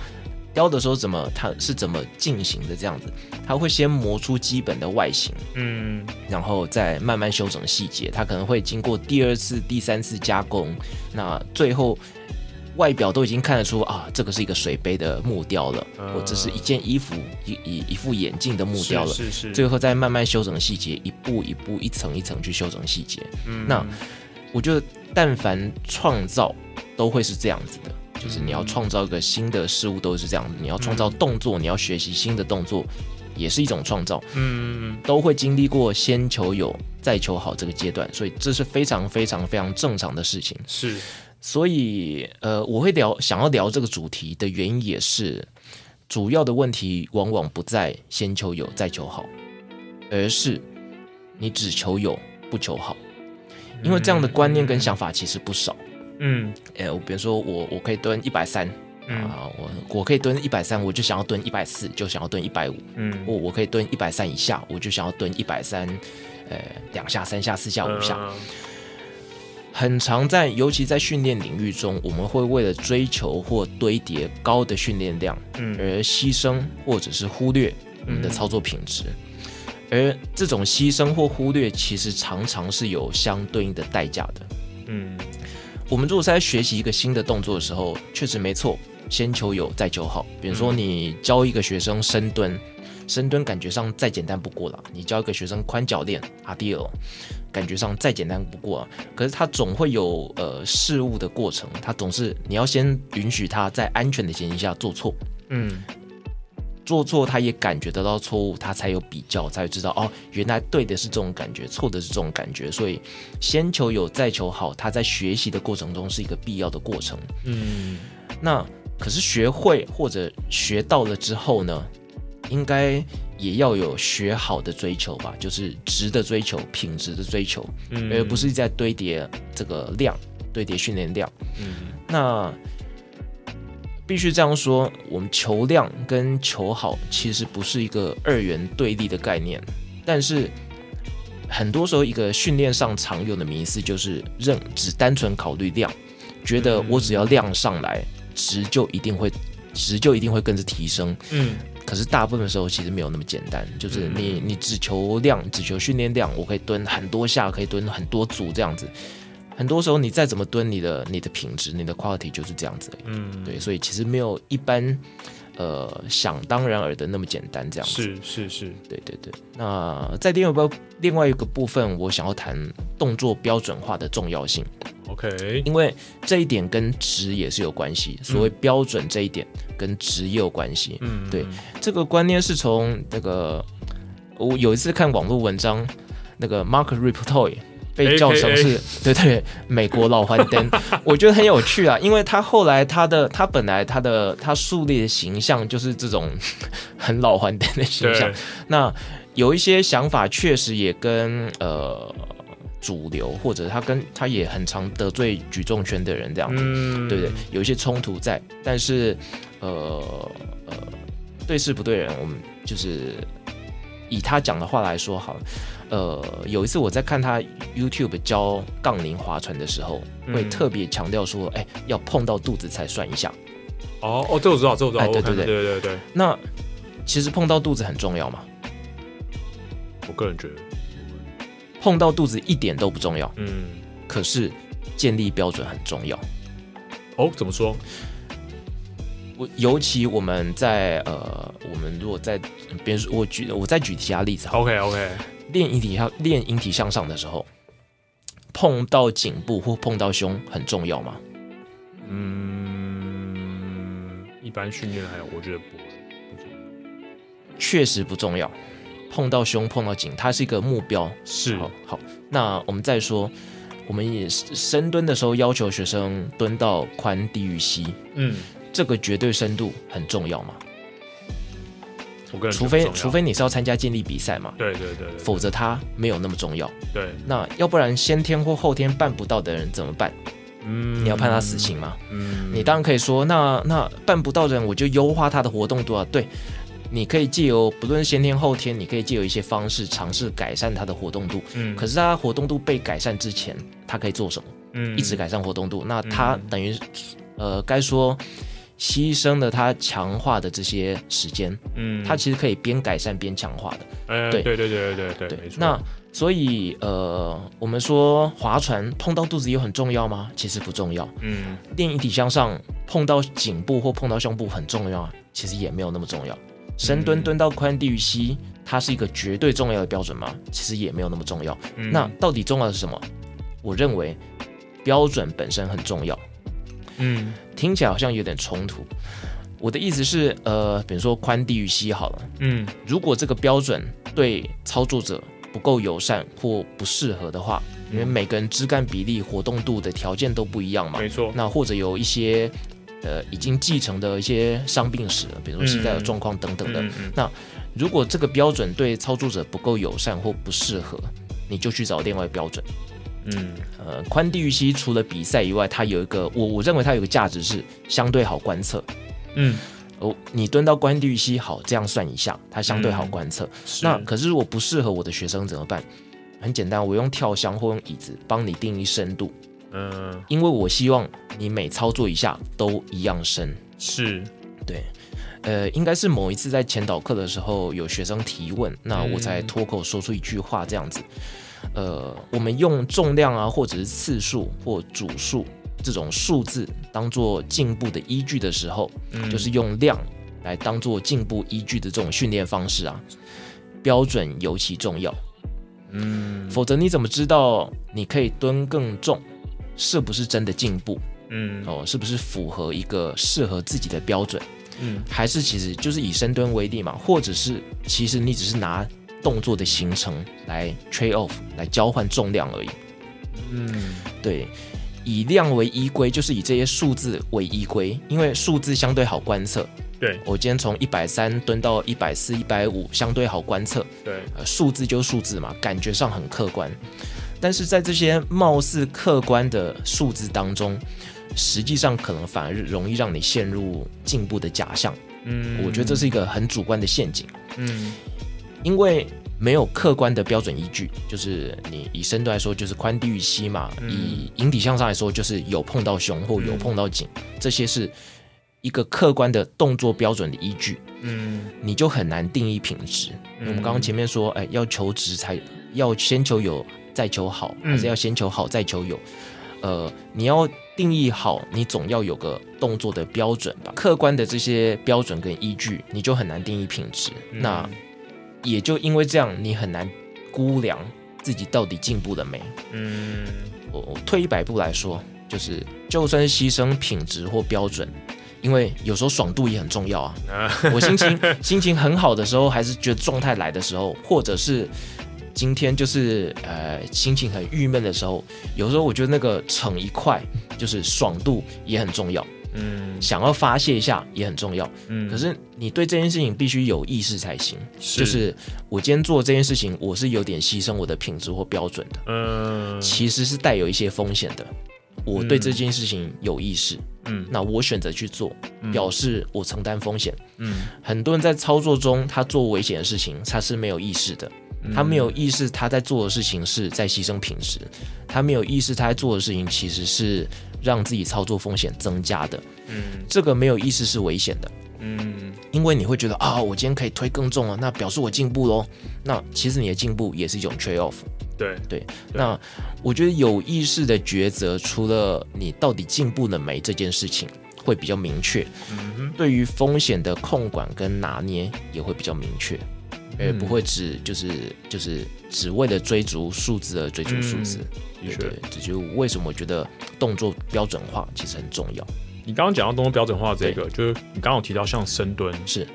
B: 雕的時候怎麼它是怎麼進行的？這樣子，他會先磨出基本的外形，嗯，然後再慢慢修整細節。他可能會經過第二次、第三次加工，那最後外表都已經看得出啊，這個是一個水杯的木雕了，嗯、或者是一件衣服、一一一副眼鏡的木雕了。是、是是。最後再慢慢修整細節，一步一步、一層一層去修整細節。嗯，那我覺得，但凡創造都會是這樣子的。就是你要創造一個新的事物都是這樣，你要創造動作，嗯、你要學習新的動作，也是一種創造。嗯，
C: 嗯，嗯，
B: 都會經歷過先求有再求好這個階段，所以這是非常非常非常正常的事情。是，所以呃，我會聊想要聊這個主題的原因也是，主要的問題往往不在先求有再求好，而是你只求有不求好，
C: 因為這樣
B: 的觀念跟想法其實不少。嗯嗯嗯嗯，誒，我比如說我我可以蹲一百三啊，我我可以蹲一百三，我就想要蹲一百四，就想要蹲一百五。嗯，我我可以蹲一百三一下，我就想要蹲一百三，呃，兩下、三下、四下、嗯、五下。很常在，尤其在訓練領域中，我們會為了追求或堆疊高的訓練量，嗯，而犧牲或者是忽略我們的操作品質。嗯、而這種犧牲或忽略，其實常常是有相對應的代價的。嗯。我們如果在學習一個新的動作的時候，確實沒錯，先求有再求好。比如說，你教一個學生深蹲，深蹲感覺上再簡單不過了；你教一個學生寬腳練阿迪爾，感覺上再簡單不過了，可是他總會有呃失誤的過程，他總是你要先允許他在安全的前提下做錯，嗯。做錯，他也感覺得到錯誤，他才有比較，才知道哦，原來對的是這種感覺，錯的是這種感覺，所以先求有，再求好，他在學習的過程中是一個必要的過程。嗯，那可是學會或者學到了之後呢，應該也要有學好的追求吧，就是質的追求，品質的追求，嗯、而不是在堆疊這個量，堆疊訓練量。嗯哼，那。必須這樣說，我們求量跟求好其實不是一個二元對立的概念。但是很多時候，一個訓練上常有的迷思就是認只單純考慮量，覺得我只要量上來，質就一定會，質就一定會跟着提升。嗯，可是大部分的時候其實沒有那麼簡單，就是你你只求量，只求訓練量，我可以蹲很多下，可以蹲很多組這樣子。很多時候，你再怎麼蹲你，你的你的品質，你的 quality 就是這樣子、欸。嗯，對，所以其實沒有一般，呃，想當然耳的那麼簡單這樣子。是是是，是是對對對。那在另外標，另外一個部分，我想要談動作標準化的重要性。OK，因為這一點跟值也是有關係。所謂標準，這一點跟值也有關係。嗯，對，這個觀念是從那個我有一次看網絡文章，那個 Mark Rippetoe 被叫成是 A. K . A. 對對，美國老歡燈。 <laughs> 我覺得很有趣啊，因為他後來他的他本來他的他樹立的形象就是這種很老歡燈的形象，對那有一些想法確實也跟呃主流或者他跟他也很常得罪舉重圈的人這樣，嗯、對對，有一些衝突在，但是呃呃對事不對人，我們就是以他講的話來說好了。呃，有一次我在看他 YouTube 教槓鈴划船的時候，會、嗯、特別強調說：“哎、欸，要碰到肚子才算一下。”
A: 哦哦，這我知道，這我知道。欸、OK, 對對,對對對對對。
B: 那其實碰到肚子很重要嘛？我個人覺得碰到肚子一點都不重要。嗯，可是建立標準很重要。哦，怎麼說？我尤其我們在呃，我們如果在別人，說我舉我再舉其他例子，OK OK。練引體向練引體向上的時候，碰到頸部或碰到胸很重要嗎？嗯，一般訓練還有，我覺得不不重要，確實不重要。碰到胸碰到頸，它是一個目標，是，好，好。那我們再說，我們也深蹲的時候要求學生蹲到髖低於膝，嗯，這個絕對深度很重要嗎？除非除非你是要參加健力比賽嘛，對對對，對，否則他沒有那麼重要。對，對，那要不然先天或後天辦不到的人怎麼辦？嗯，你要判他死刑嗎？嗯，嗯，你當然可以說，那那辦不到的人我就優化他的活動度啊。對，你可以借由不論先天後天，你可以借由一些方式嘗試改善他的活動度。嗯，可是他的活動度被改善之前，他可以做什麼？嗯，一直改善活動度，那他等於，嗯、呃，該說。犧牲了它，強化的這些時間，嗯，它其實可以邊改善邊強化的，哎、呀對，對對對對
A: 對對，對沒錯錯。那
B: 所以呃，我們說划船碰到肚子也很重要嗎？其實不重要，嗯。練引體向上碰到頸部或碰到胸部很重要啊，其實也沒有那麼重要。深蹲蹲到髖低於膝，嗯、它是一個絕對重要的標準嗎？其實也沒有那麼重要。嗯、那到底重要的是什麼？我認為標準本身很重要，
C: 嗯。
B: 聽起來好像有點衝突。我的意思是，呃，比如說寬低於吸好了，嗯，如果這個標準對操作者不夠友善或不適合的話，因為每個人肢幹比例、活動度的條件都不一樣嘛，沒錯。那或者有一些，呃，已經繼承的一些傷病史，比如說膝蓋的狀況等等的。那如果這個標準對操作者不夠友善或不適合，你就去找另外標準。嗯，呃，寬地域西除了比賽以外，它有一個我我認為它有個價值是相對好觀測。嗯，哦，你蹲到寬地域西好，這樣算一下，它相對好觀測。嗯、是。那可是我不適合我的學生怎麼辦？很簡單，我用跳箱或用椅子幫你定義深度。嗯，因為我希望你每操作一下都一樣深。是，對，呃，應該是某一次在前導課的時候有學生提問，那我才脫口說出一句話這樣子。嗯呃，我們用重量啊，或者是次數或組數這種數字當做進步的依據的時候，嗯，就是用量來當做進步依據的這種訓練方式啊，標準尤其重要，
C: 嗯，否
B: 則你怎麼知道你可以蹲更重是不是真的進步？嗯，哦，呃，是不是符合一個適合自己的標準？嗯，還是其實就是以深蹲為例嘛，或者是其實你只是拿。動作的形成來 trade off 來交換重量而已。嗯，對，以量為依歸，就是以這些數字為依歸，因為數字相對好觀測。對，我今天從一百三蹲到一百四、一百五，相對好觀測。對，呃，數字就數字嘛，感覺上很客觀。但是在這些貌似客觀的數字當中，實際上可能反而容易讓你陷入進步的假象。嗯，我覺得這是一個很主觀的陷阱。嗯。因為沒有客觀的標準依據，就是你以深度來說，就是寬低於膝嘛；嗯、以引體向上來說，就是有碰到胸或有碰到頸，嗯、這些是一個客觀的動作標準的依據。
C: 嗯，
B: 你就很難定義品質。嗯、
C: 我們剛剛前
B: 面說，哎，要求質才要先求有，再求好，還是要先求好再求有？嗯、呃，你要定義好，你總要有個動作的標準吧？客觀的這些標準跟依據，你就很難定義品質。嗯、那。也就因為這樣，你很難估量自己到底進步了沒。嗯，我退一百步來說，就是就算犧牲品質或標準，因為有時候爽度也很重要啊。
C: <laughs> 我心情
B: 心情很好的時候，還是覺得狀態來的時候，或者是今天就是呃心情很鬱悶的時候，有時候我覺得那個逞一塊，就是爽度也很重要。嗯，想要發洩一下也很重要。嗯，可是你對這件事情必須有意識才行。是，就是我今天做這件事情，我是有點犧牲我的品質或標準的。
C: 嗯、呃，其
B: 實是帶有一些風險的。
C: 我對這
B: 件事情有意識。嗯，那我選擇去做，嗯、表示我承擔風險。嗯，很多人在操作中，他做危險的事情，他是沒有意識的。嗯、他沒有意識，他在做的事情是在犧牲品質。他沒有意識，他在做的事情其實是。讓自己操作風險增加的，嗯，這個沒有意識是危險的，
C: 嗯，
B: 因為你會覺得啊、哦，我今天可以推更重了，啊，那表示我進步咯。那其實你的進步也是一種 trade off。對對，對對，那我覺得有意識的抉擇，除了你到底進步了沒這件事情會比較明確，嗯、哼對於風險的控管跟拿捏也會比較明確，也、嗯、不會只就是就是只為了追逐數字而追逐數字。嗯對，這就為什麼我覺得動作標準化其實很重要。你剛剛講到動作標準化這
A: 個，就是你剛剛有提到像深蹲是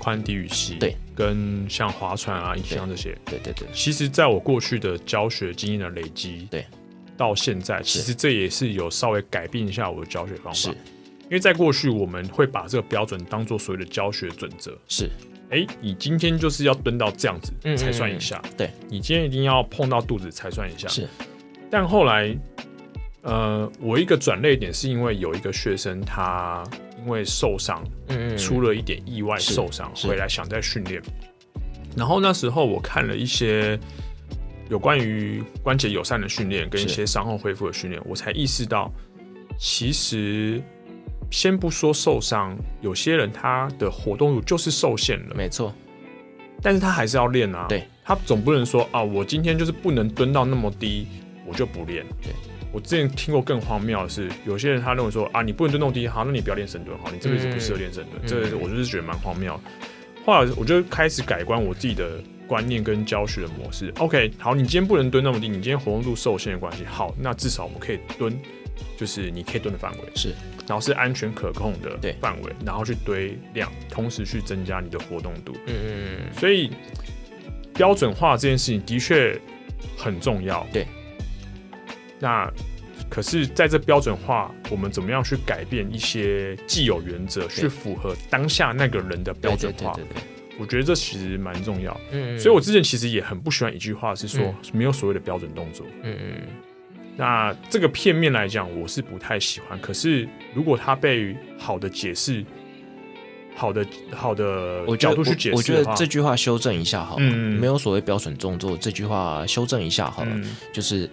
A: 寬底與膝，對，跟像划船啊、引體向上這些，對對對。其實，在我過去的教學經驗的累積，對，到現在其實這也是有稍微改變一下我的教學方法。因為在過去我們會把這個標準當做所謂的教學準則。是，欸，你今天就是要蹲到這樣子才算一下，對你今天一定要碰到肚子才算一下。是。但後來，呃，我一個轉捩點是因為有一個學生他因為受傷，嗯，出了一點意外是受傷回來想再訓練，然後那時候我看了一些有關於關節友善的訓練跟一些傷後恢復的訓練，是我才意識到，其實先不說受傷，有些人他的活動度就是受限了，沒錯錯，但是他還是要練啊，對，他總不能說啊，我今天就是不能蹲到那麼低。我就不練。對，我之前聽過更荒謬的是，有些人他認為說啊，你不能蹲那麼低，好，那你不要練深蹲，好，你這個是不適合練深蹲。嗯、這個我就是覺得蠻荒謬。嗯、後來我就開始改觀我自己的觀念跟教學的模式。OK，好，你今天不能蹲那麼低，你今天活動度受限的關係，好，那至少我們可以蹲，就是你可以蹲的範圍是，然後是安全可控的範圍，對然後去堆量，同時去增加你的活動度。嗯嗯。所以標準化這件事情的確很重要。對。那可是在這標準化，我們怎麼樣去改變一些既有原則，去符合當下那個人的標準化？我覺得這其實蠻重要。嗯，所以我之前其實也很不喜歡一句話，是說沒有所謂的標準動作。嗯，那這個片面來講，我是不太喜歡。可是如果他被好的解釋，好的好的角度去解釋的話，我覺得這句
B: 話修正一下好了。沒有所謂標準動作，這句話修正一下好了。就是。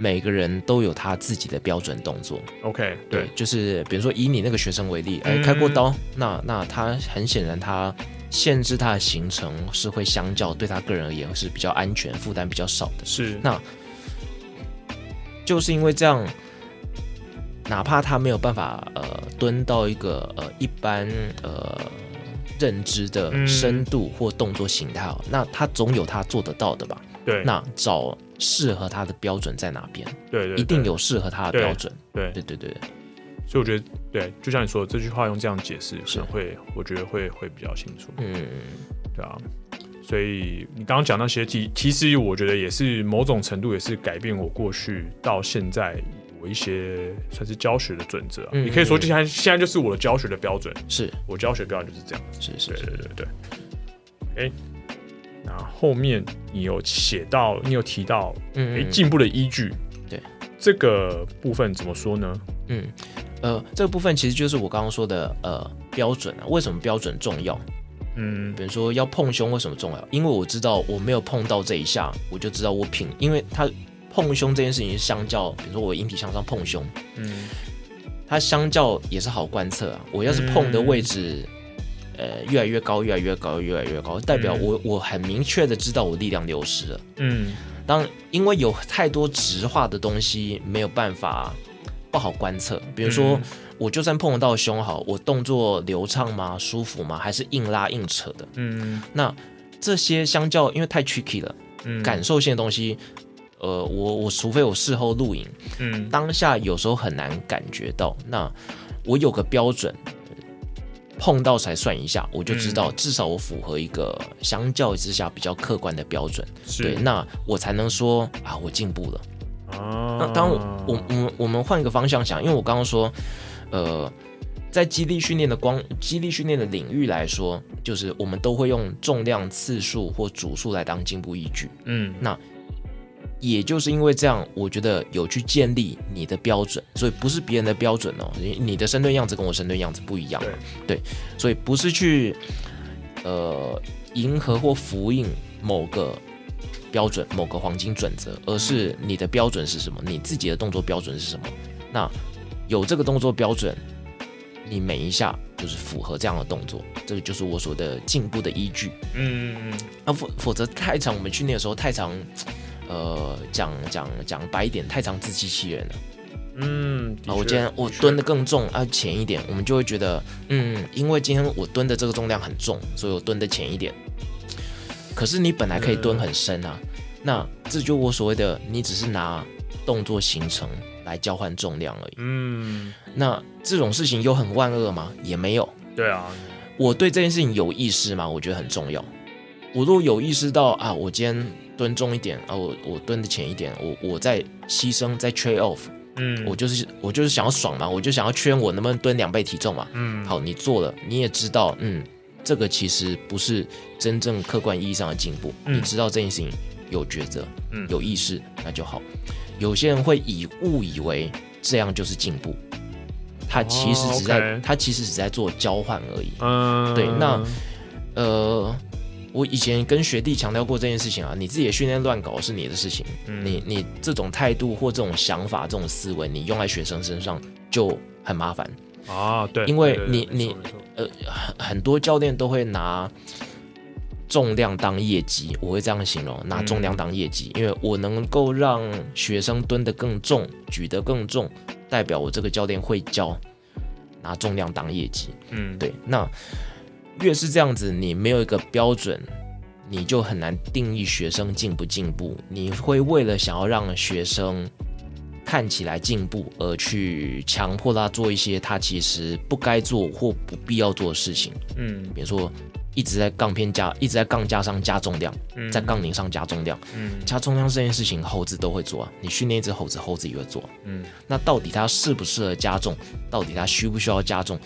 B: 每個人都有他自己的標準動作。OK，對，對就是比如說以你那個學生為例，哎、嗯欸，開過刀，那那他很顯然他限制他的行程是會相較對他個人而言是比較安全、負擔比較少的。是，那就是因為這樣，哪怕他沒有辦法呃蹲到一個呃一般呃認知的深度或動作形態，嗯、那他總有他做得到的吧？對，那找。適合他的標準在哪邊？對,對對，一定有適合他的標準。對對,對對對對所以我覺得，對，就像你說的這句話，用這樣
A: 解釋，是可能會我覺得會會比較清楚。嗯，對啊。所以你剛剛講那些其其實我覺得也是某種程度也是改變我過去到現在我一些算是教學的準則、啊。嗯嗯你可以說，就像現在就是我的教學的標準，是我教學標準就是這樣子。是是,是,是對,對,對,對，對，對。哎。啊，後面你有寫到，你有提到，哎、嗯嗯嗯，進步的依據，對這
B: 個部分怎麼說呢？嗯，呃，這個部分其實就是我剛剛說的，呃，標準啊。為什麼標準重要？嗯，比如說要碰胸，為什麼重要？因為我知道我沒有碰到這一下，我就知道我品，因為他碰胸這件事情是相較，比如說我引體向上碰胸，
C: 嗯，
B: 它相較也是好觀測啊。我要是碰的位置。嗯呃，越來越高，越來越高，越來越高，代表我、嗯、我很明確的知道我力量流失了。嗯，當因為有太多質化的東西沒有辦法不好觀測，比如說、嗯、我就算碰得到胸好，我動作流暢嗎？舒服嗎？還是硬拉硬扯的？嗯，那這些相較因為太 tricky 了，嗯，感受性的東西，呃，我我除非我事後錄影，嗯，當下有時候很難感覺到。那我有個標準。碰到才算一下，我就知道、嗯、至少我符合一個相較之下比較客觀的標準，是對，那我才能說啊，我進步
C: 了。啊、那當我我
B: 我們換一個方向想，因為我剛剛說，呃，在肌力訓練的光肌力訓練的領域來說，就是我們都會用重量次數或組數來當進步依據。嗯，那。也就是因為這樣，我覺得有去建立你的標準，所以不是別人的標準哦、喔。你的深蹲樣子跟我深蹲樣子不一樣嘛，對，所以不是去呃迎合或複印某個標準、某個黃金準則，而是你的標準是什麼，你自己的動作標準是什麼。那有這個動作標準，你每一下就是符合這樣的動作，這個就是我所謂的進步的依據。嗯，那否否則太長，我們訓練的時候太長。呃，講講講白一點，太常自欺欺人了。
C: 嗯，我今天
B: 我蹲的更重，的確啊，淺一點，我們就會覺得，
C: 嗯，
B: 因為今天我蹲的這個重量很重，所以我蹲的淺一點。可是你本來可以蹲很深啊，嗯、那這就我所謂的，你只是拿動作行程來交換重量而已。嗯，那這種事情有很萬惡嗎？也沒有。對啊，我對這件事情有意識嗎？我覺得很重要。我如果有意識到啊，我今天，蹲重一點啊！我我蹲的淺一點，我我在犧牲，在 trade off。嗯，我就是我就是想要爽嘛，我就想要圈我能不能蹲兩倍體重嘛。嗯，好，你做了，你也知道，嗯，這個其實不是真正客觀意義上的進步。嗯，你知道這件事情有抉擇，嗯，有意識，那就好。有些人會以誤以為這樣就是進步，他其實只在，哦 okay，他其實只在做交換而已。嗯，對，那呃。我以前跟學弟強調過這件事情啊，你自己的訓練亂搞是你的事情，嗯、你你這種態度或這種想法、這種思維，你用在學生身上就很麻煩
A: 啊、哦。對，因為你對對對你，
B: 沒錯你呃，很很多教練都會拿重量當業績，我會這樣形容，拿重量當業績，嗯、因為我能夠讓學生蹲得更重、舉得更重，代表我這個教練會教拿重量當業績，嗯，對，那。越是這樣子，你沒有一個標準，你就很難定義學生進不進步。你會為了想要讓學生看起來進步而去強迫他做一些他其實不該做或不必要做的事情。嗯，比如說一直在槓片加，一直在槓架上加重量，嗯、在槓鈴上加重量。嗯，加重量這件事情猴子都會做啊，你訓練一隻猴子，猴子也會做啊。嗯，那到底它適不適合加重？到底它需不需要加重？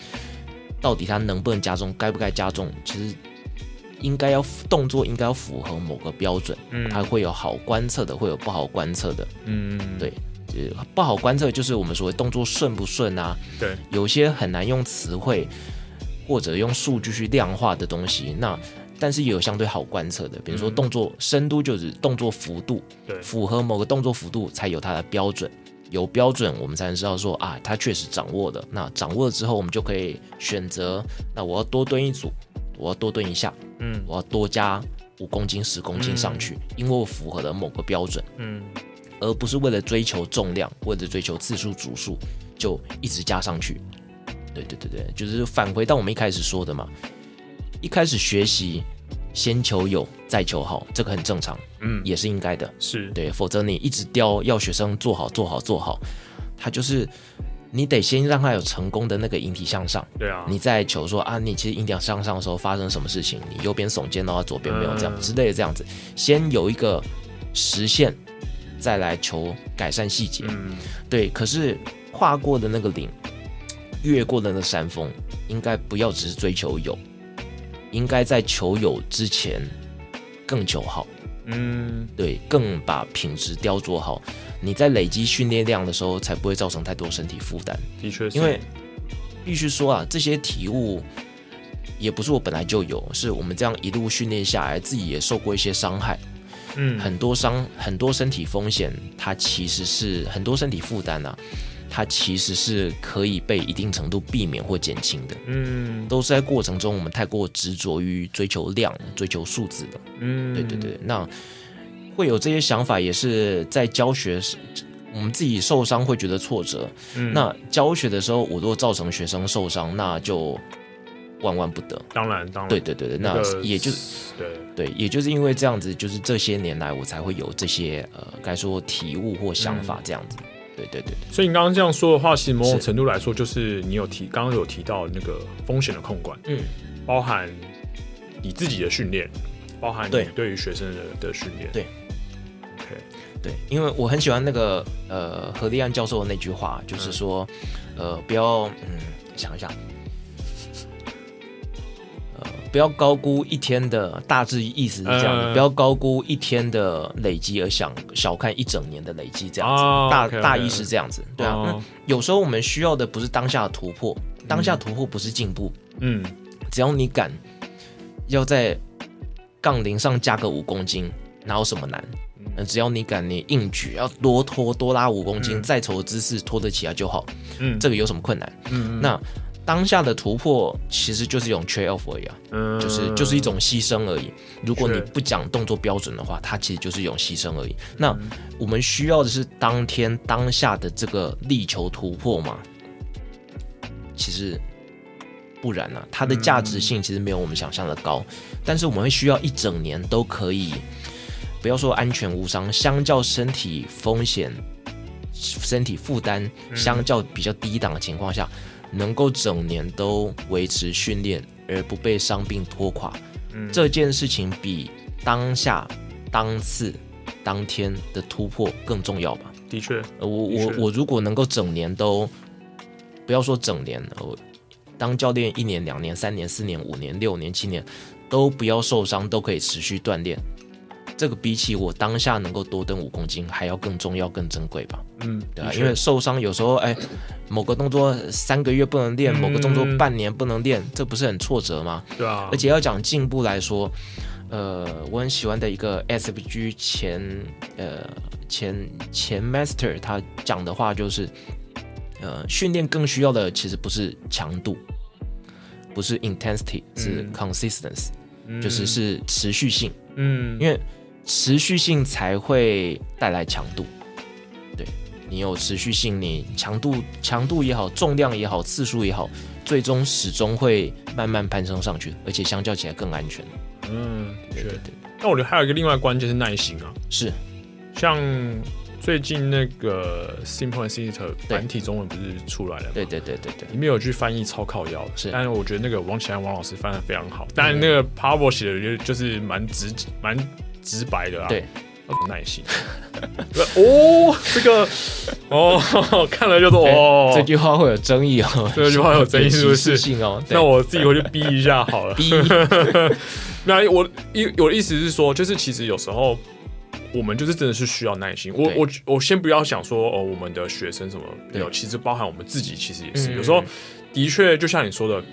B: 到底它能不能加重？該不該加重？其實、就是、應該要動作應該要符合某個標準，嗯、它會有好觀測的，會有不好觀測的，嗯，對，就是、不好觀測就是我們所謂動作順不順啊，對，有些很難用詞彙或者用數據去量化的東西，那但是也有相對好觀測的，比如說動作、嗯、深度就是動作幅度，對，符合某個動作幅度才有它的標準。有標準，我們才能知道說啊，他確實掌握了。那掌握了之後，我們就可以選擇。那我要多蹲一組，我要多蹲一下，嗯，我要多加五公斤、十公斤上去，嗯，因為我符合了某個標準，嗯，而不是為了追求重量，為了追求次數、組數，就一直加上去。對對對對，就是返回到我們一開始說的嘛，一開始學習。先求有，再求好，這個很正常，嗯，也是應該的，是，對，否則你一直雕，要學生做好，做好，做好，他就是你得先讓他有成功的那個引體向上，對啊，你再求說啊，你其實引體向上的時候發生什麼事情，你右邊聳肩的話，左邊沒有這樣、嗯、之類的。這樣子，先有一個實現，再來求改善細節，嗯、對，可是跨過的那個嶺，越過的那個山峰，應該不要只是追求有。應該在求有之前更求好，
C: 嗯，
B: 對，更把品質雕琢好。你在累積訓練量的時候，才不會造成太多身體負擔。的確，因為必須說啊，這些體悟也不是我本來就有，是我們這樣一路訓練下來，自己也受過一些傷害，
C: 嗯，很
B: 多傷，很多身體風險，它其實是很多身體負擔啊。它其實是可以被一定程度避免或減輕的，
C: 嗯，
B: 都是在過程中我們太過執着於追求量、追求數字的，嗯，對對對。那會有這些想法，也是在教學時，我們自己受傷會覺得挫折。嗯，那教學的時候，我如果造成學生受傷，那就萬萬不得。當然，當然，對對對對，那也就，那個，對對，也就是因為這樣子，就是這些年來我才會有這些呃，該說體悟或想法這樣子。嗯對，對對對，所以你
A: 剛剛這樣說的話，其實某種
B: 程度來說，就是你有提是剛剛有提到那個風險的控管，嗯，包含你自己的訓練，包含對對於學生的對的訓練，對，Okay 對，因為我很喜歡那個呃何立安教授的那句話，就是說，嗯、呃，不要嗯想一下。不要高估一天的大致意思是這樣子，呃、不要高估一天的累積而想小看一整年的累積這樣子，哦、大 okay, okay. 大意是這樣子，對啊。哦、那有時候我們需要的不是當下的突破，當下突破不是進步，嗯，只要你敢要在槓鈴上加個五公斤，哪有什麼難？嗯，只要你敢你硬舉，要多拖多拉五公斤，嗯、再醜的姿勢拖得起來就好，嗯，這個有什麼困難？嗯，嗯嗯那。當下的突破其實就是一種 trade off 而已、啊，嗯、就是就是一種犧牲而已。如果你不講動作標準的話，是它其實就是一種犧牲而已。那，嗯、我們需要的是當天當下的這個力求突破嗎？其實不然呢，啊，它的價值性其實沒有我們想象的高。嗯、但是我們會需要一整年都可以，不要說安全無傷，相較身體風險、身體負擔，相較比較低檔的情況下。嗯嗯能夠整年都維持訓練而不被傷病拖垮，嗯、這件事情比當下、當次、當天的突破更重要吧？的確，我、的確、我、我如果能夠整年都，不要說整年了，我當教練一年、兩年、三年、四年、五年、六年、七年都不要受傷，都可以持續鍛煉。這個比起我當下能夠多登五公斤還要更重要、更珍貴吧？嗯，
C: 對啊，因為
B: 受傷有時候，哎，嗯、某個動作三個月不能練，嗯、某個動作半年不能練，這不是很挫折嗎？
C: 對啊、嗯。而且
B: 要講進步來說，呃，我很喜歡的一個 SFG 前呃前前 master 他講的話就是，呃，訓練更需要的其實不是強度，不是 intensity，、嗯、是 consistency，、嗯、就是是持續性。
C: 嗯，因為。
B: 持續性才會帶來強度，對，你有持續性，你強度、強度也好，重量也好，次數也好，最終始終會慢慢攀升上去，而且相較起來更安全。嗯，對
A: 對、對、對，那我覺得還有一個另外關鍵是耐心啊，是。像最近那個 Simple and Sinister 繁體中文不是出來了嗎？對對對對對。裡面有句翻譯超靠腰。是，但是我覺得那個王啟安王老師翻的非常好，但那個 Pavel 寫的我就是蠻直接、嗯、蠻。直白的啊，
C: 對，耐心。哦，這個哦，
A: 看了就是哦，這句
B: 話會有爭議哦，這句話有爭議是不是？哦，那我自己回去逼一下好
A: 了。那我意，我的意思是說，就是其實有時候我們就是真的是需要耐心。我我我先不要想說哦，我們的學生什麼沒有，其實包含我們自己，其實也是有時候的確就像你說的，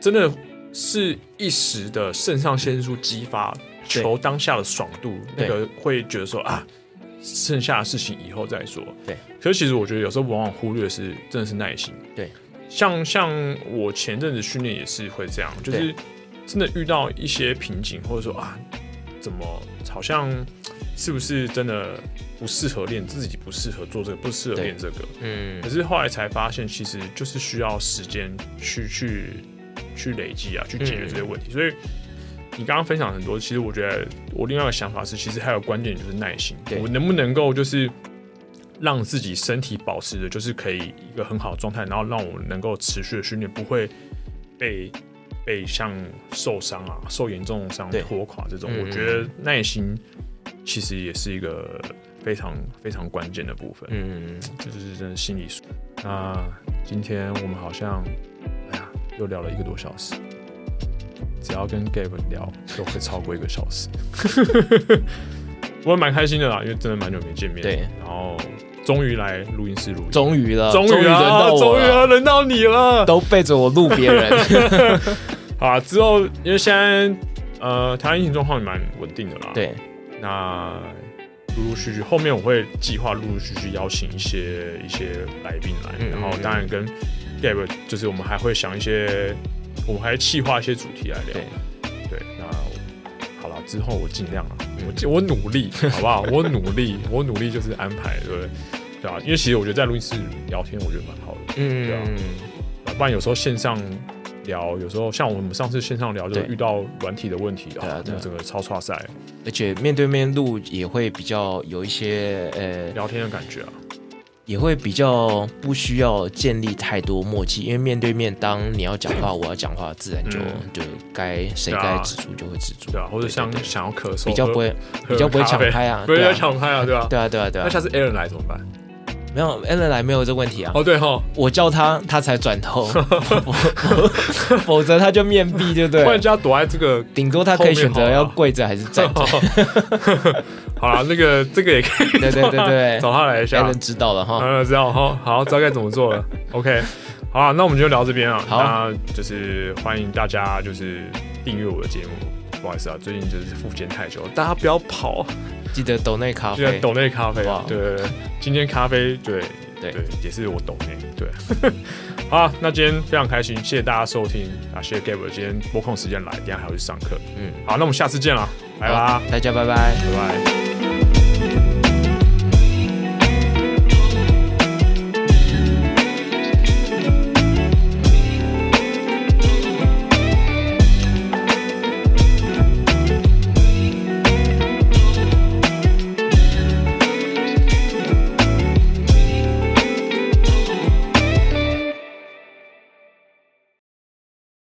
A: 真的是一時的腎上腺素激發。對求當下的爽度，對那個會覺得說啊，剩下的事情以後再說。對，可是其實我覺得有時候往往忽略的是真的是耐心。對，像像我前陣子訓練也是會這樣，就是真的遇到一些瓶頸，或者說啊，怎麼好像是不是真的不適合練，自己不適合做這個，不適合練這個。對嗯，可是後來才發現，其實就是需要時間去去去累積啊，去解決這些問題。嗯、所以。你剛剛分享很多，其實我覺得我另外一個想法是，其實還有關鍵就是耐心。對我能不能夠就是讓自己身體保持的就是可以一個很好的狀態，然後讓我能夠持續的訓練，不會被被像受傷啊、受嚴重傷拖垮這種。嗯、我覺得耐心其實也是一個非常非常關鍵的部分。嗯，嗯嗯，這就是真的心理素。嗯、那今天我們好像哎呀又聊了一個多小時。只要跟 Gabe 聊，就會超過一個小時。 <laughs> 我也蠻開心的啦，因為真的蠻久沒見面。對。然後終於來錄音室錄。終於了，終於啊，終於要
B: 輪到你了。都背着我錄別人。
A: <laughs> 好，之後因為現在呃，台灣疫情狀況也蠻穩定的啦。對。那陸陸續續後面我會計劃陸陸續續邀請一些一些來賓來，嗯、然後當然跟 Gabe、嗯、就是我們還會想一些。我們還企劃一些主題來聊，對，對，那好了之後我盡量啊，我對我努力，對好不好？ <laughs> 我努力，我努力就是安排，對不對？對啊，因為其實我覺得在錄音室聊天，我覺得蠻好的，
C: 嗯
A: 嗯、啊、嗯，不然有時候線上聊，有時候像我們上次線上聊對就遇到軟體的問題啊，那整個超差賽，而且
B: 面對面錄也會比較有一些呃聊天的感覺啊。也會比較不需要建立太多默契，因為面對面，當你要講話，我要講話，自然就就該誰該止住就會止住，對啊，或者像想要咳嗽，比較不會比較不會搶拍啊，不會搶拍啊，對對啊，對啊，對啊。那下次 Aaron 來怎麼辦？沒有，Allen 來沒有這個問題啊。哦，對哈，我叫他，他才轉頭，否則他就面壁，對不對？不然就要躲在這個，頂多他可以選擇要跪着還是站着。好
A: 了，那個這個也可以，對對對對，找他來一下，Allen 知道了哈。嗯，知道哈，好，知道該怎麼做了。OK，好啦，那我們就聊這邊啊，那就是歡迎大家就是訂閱我的節目。不好意思啊，最近就是復健太久了，大家不要跑，記得抖內咖啡，記得抖內咖啡啊，哇對，對對，今天咖啡對對，對也是我抖內，對， <laughs> 好、啊，那今天非常開心，謝謝大家收聽啊，謝謝蓋柏，今天撥空時間來，等一下還要去上課，嗯，好、啊，那我們下次見啦，拜拜，大家拜拜，拜拜。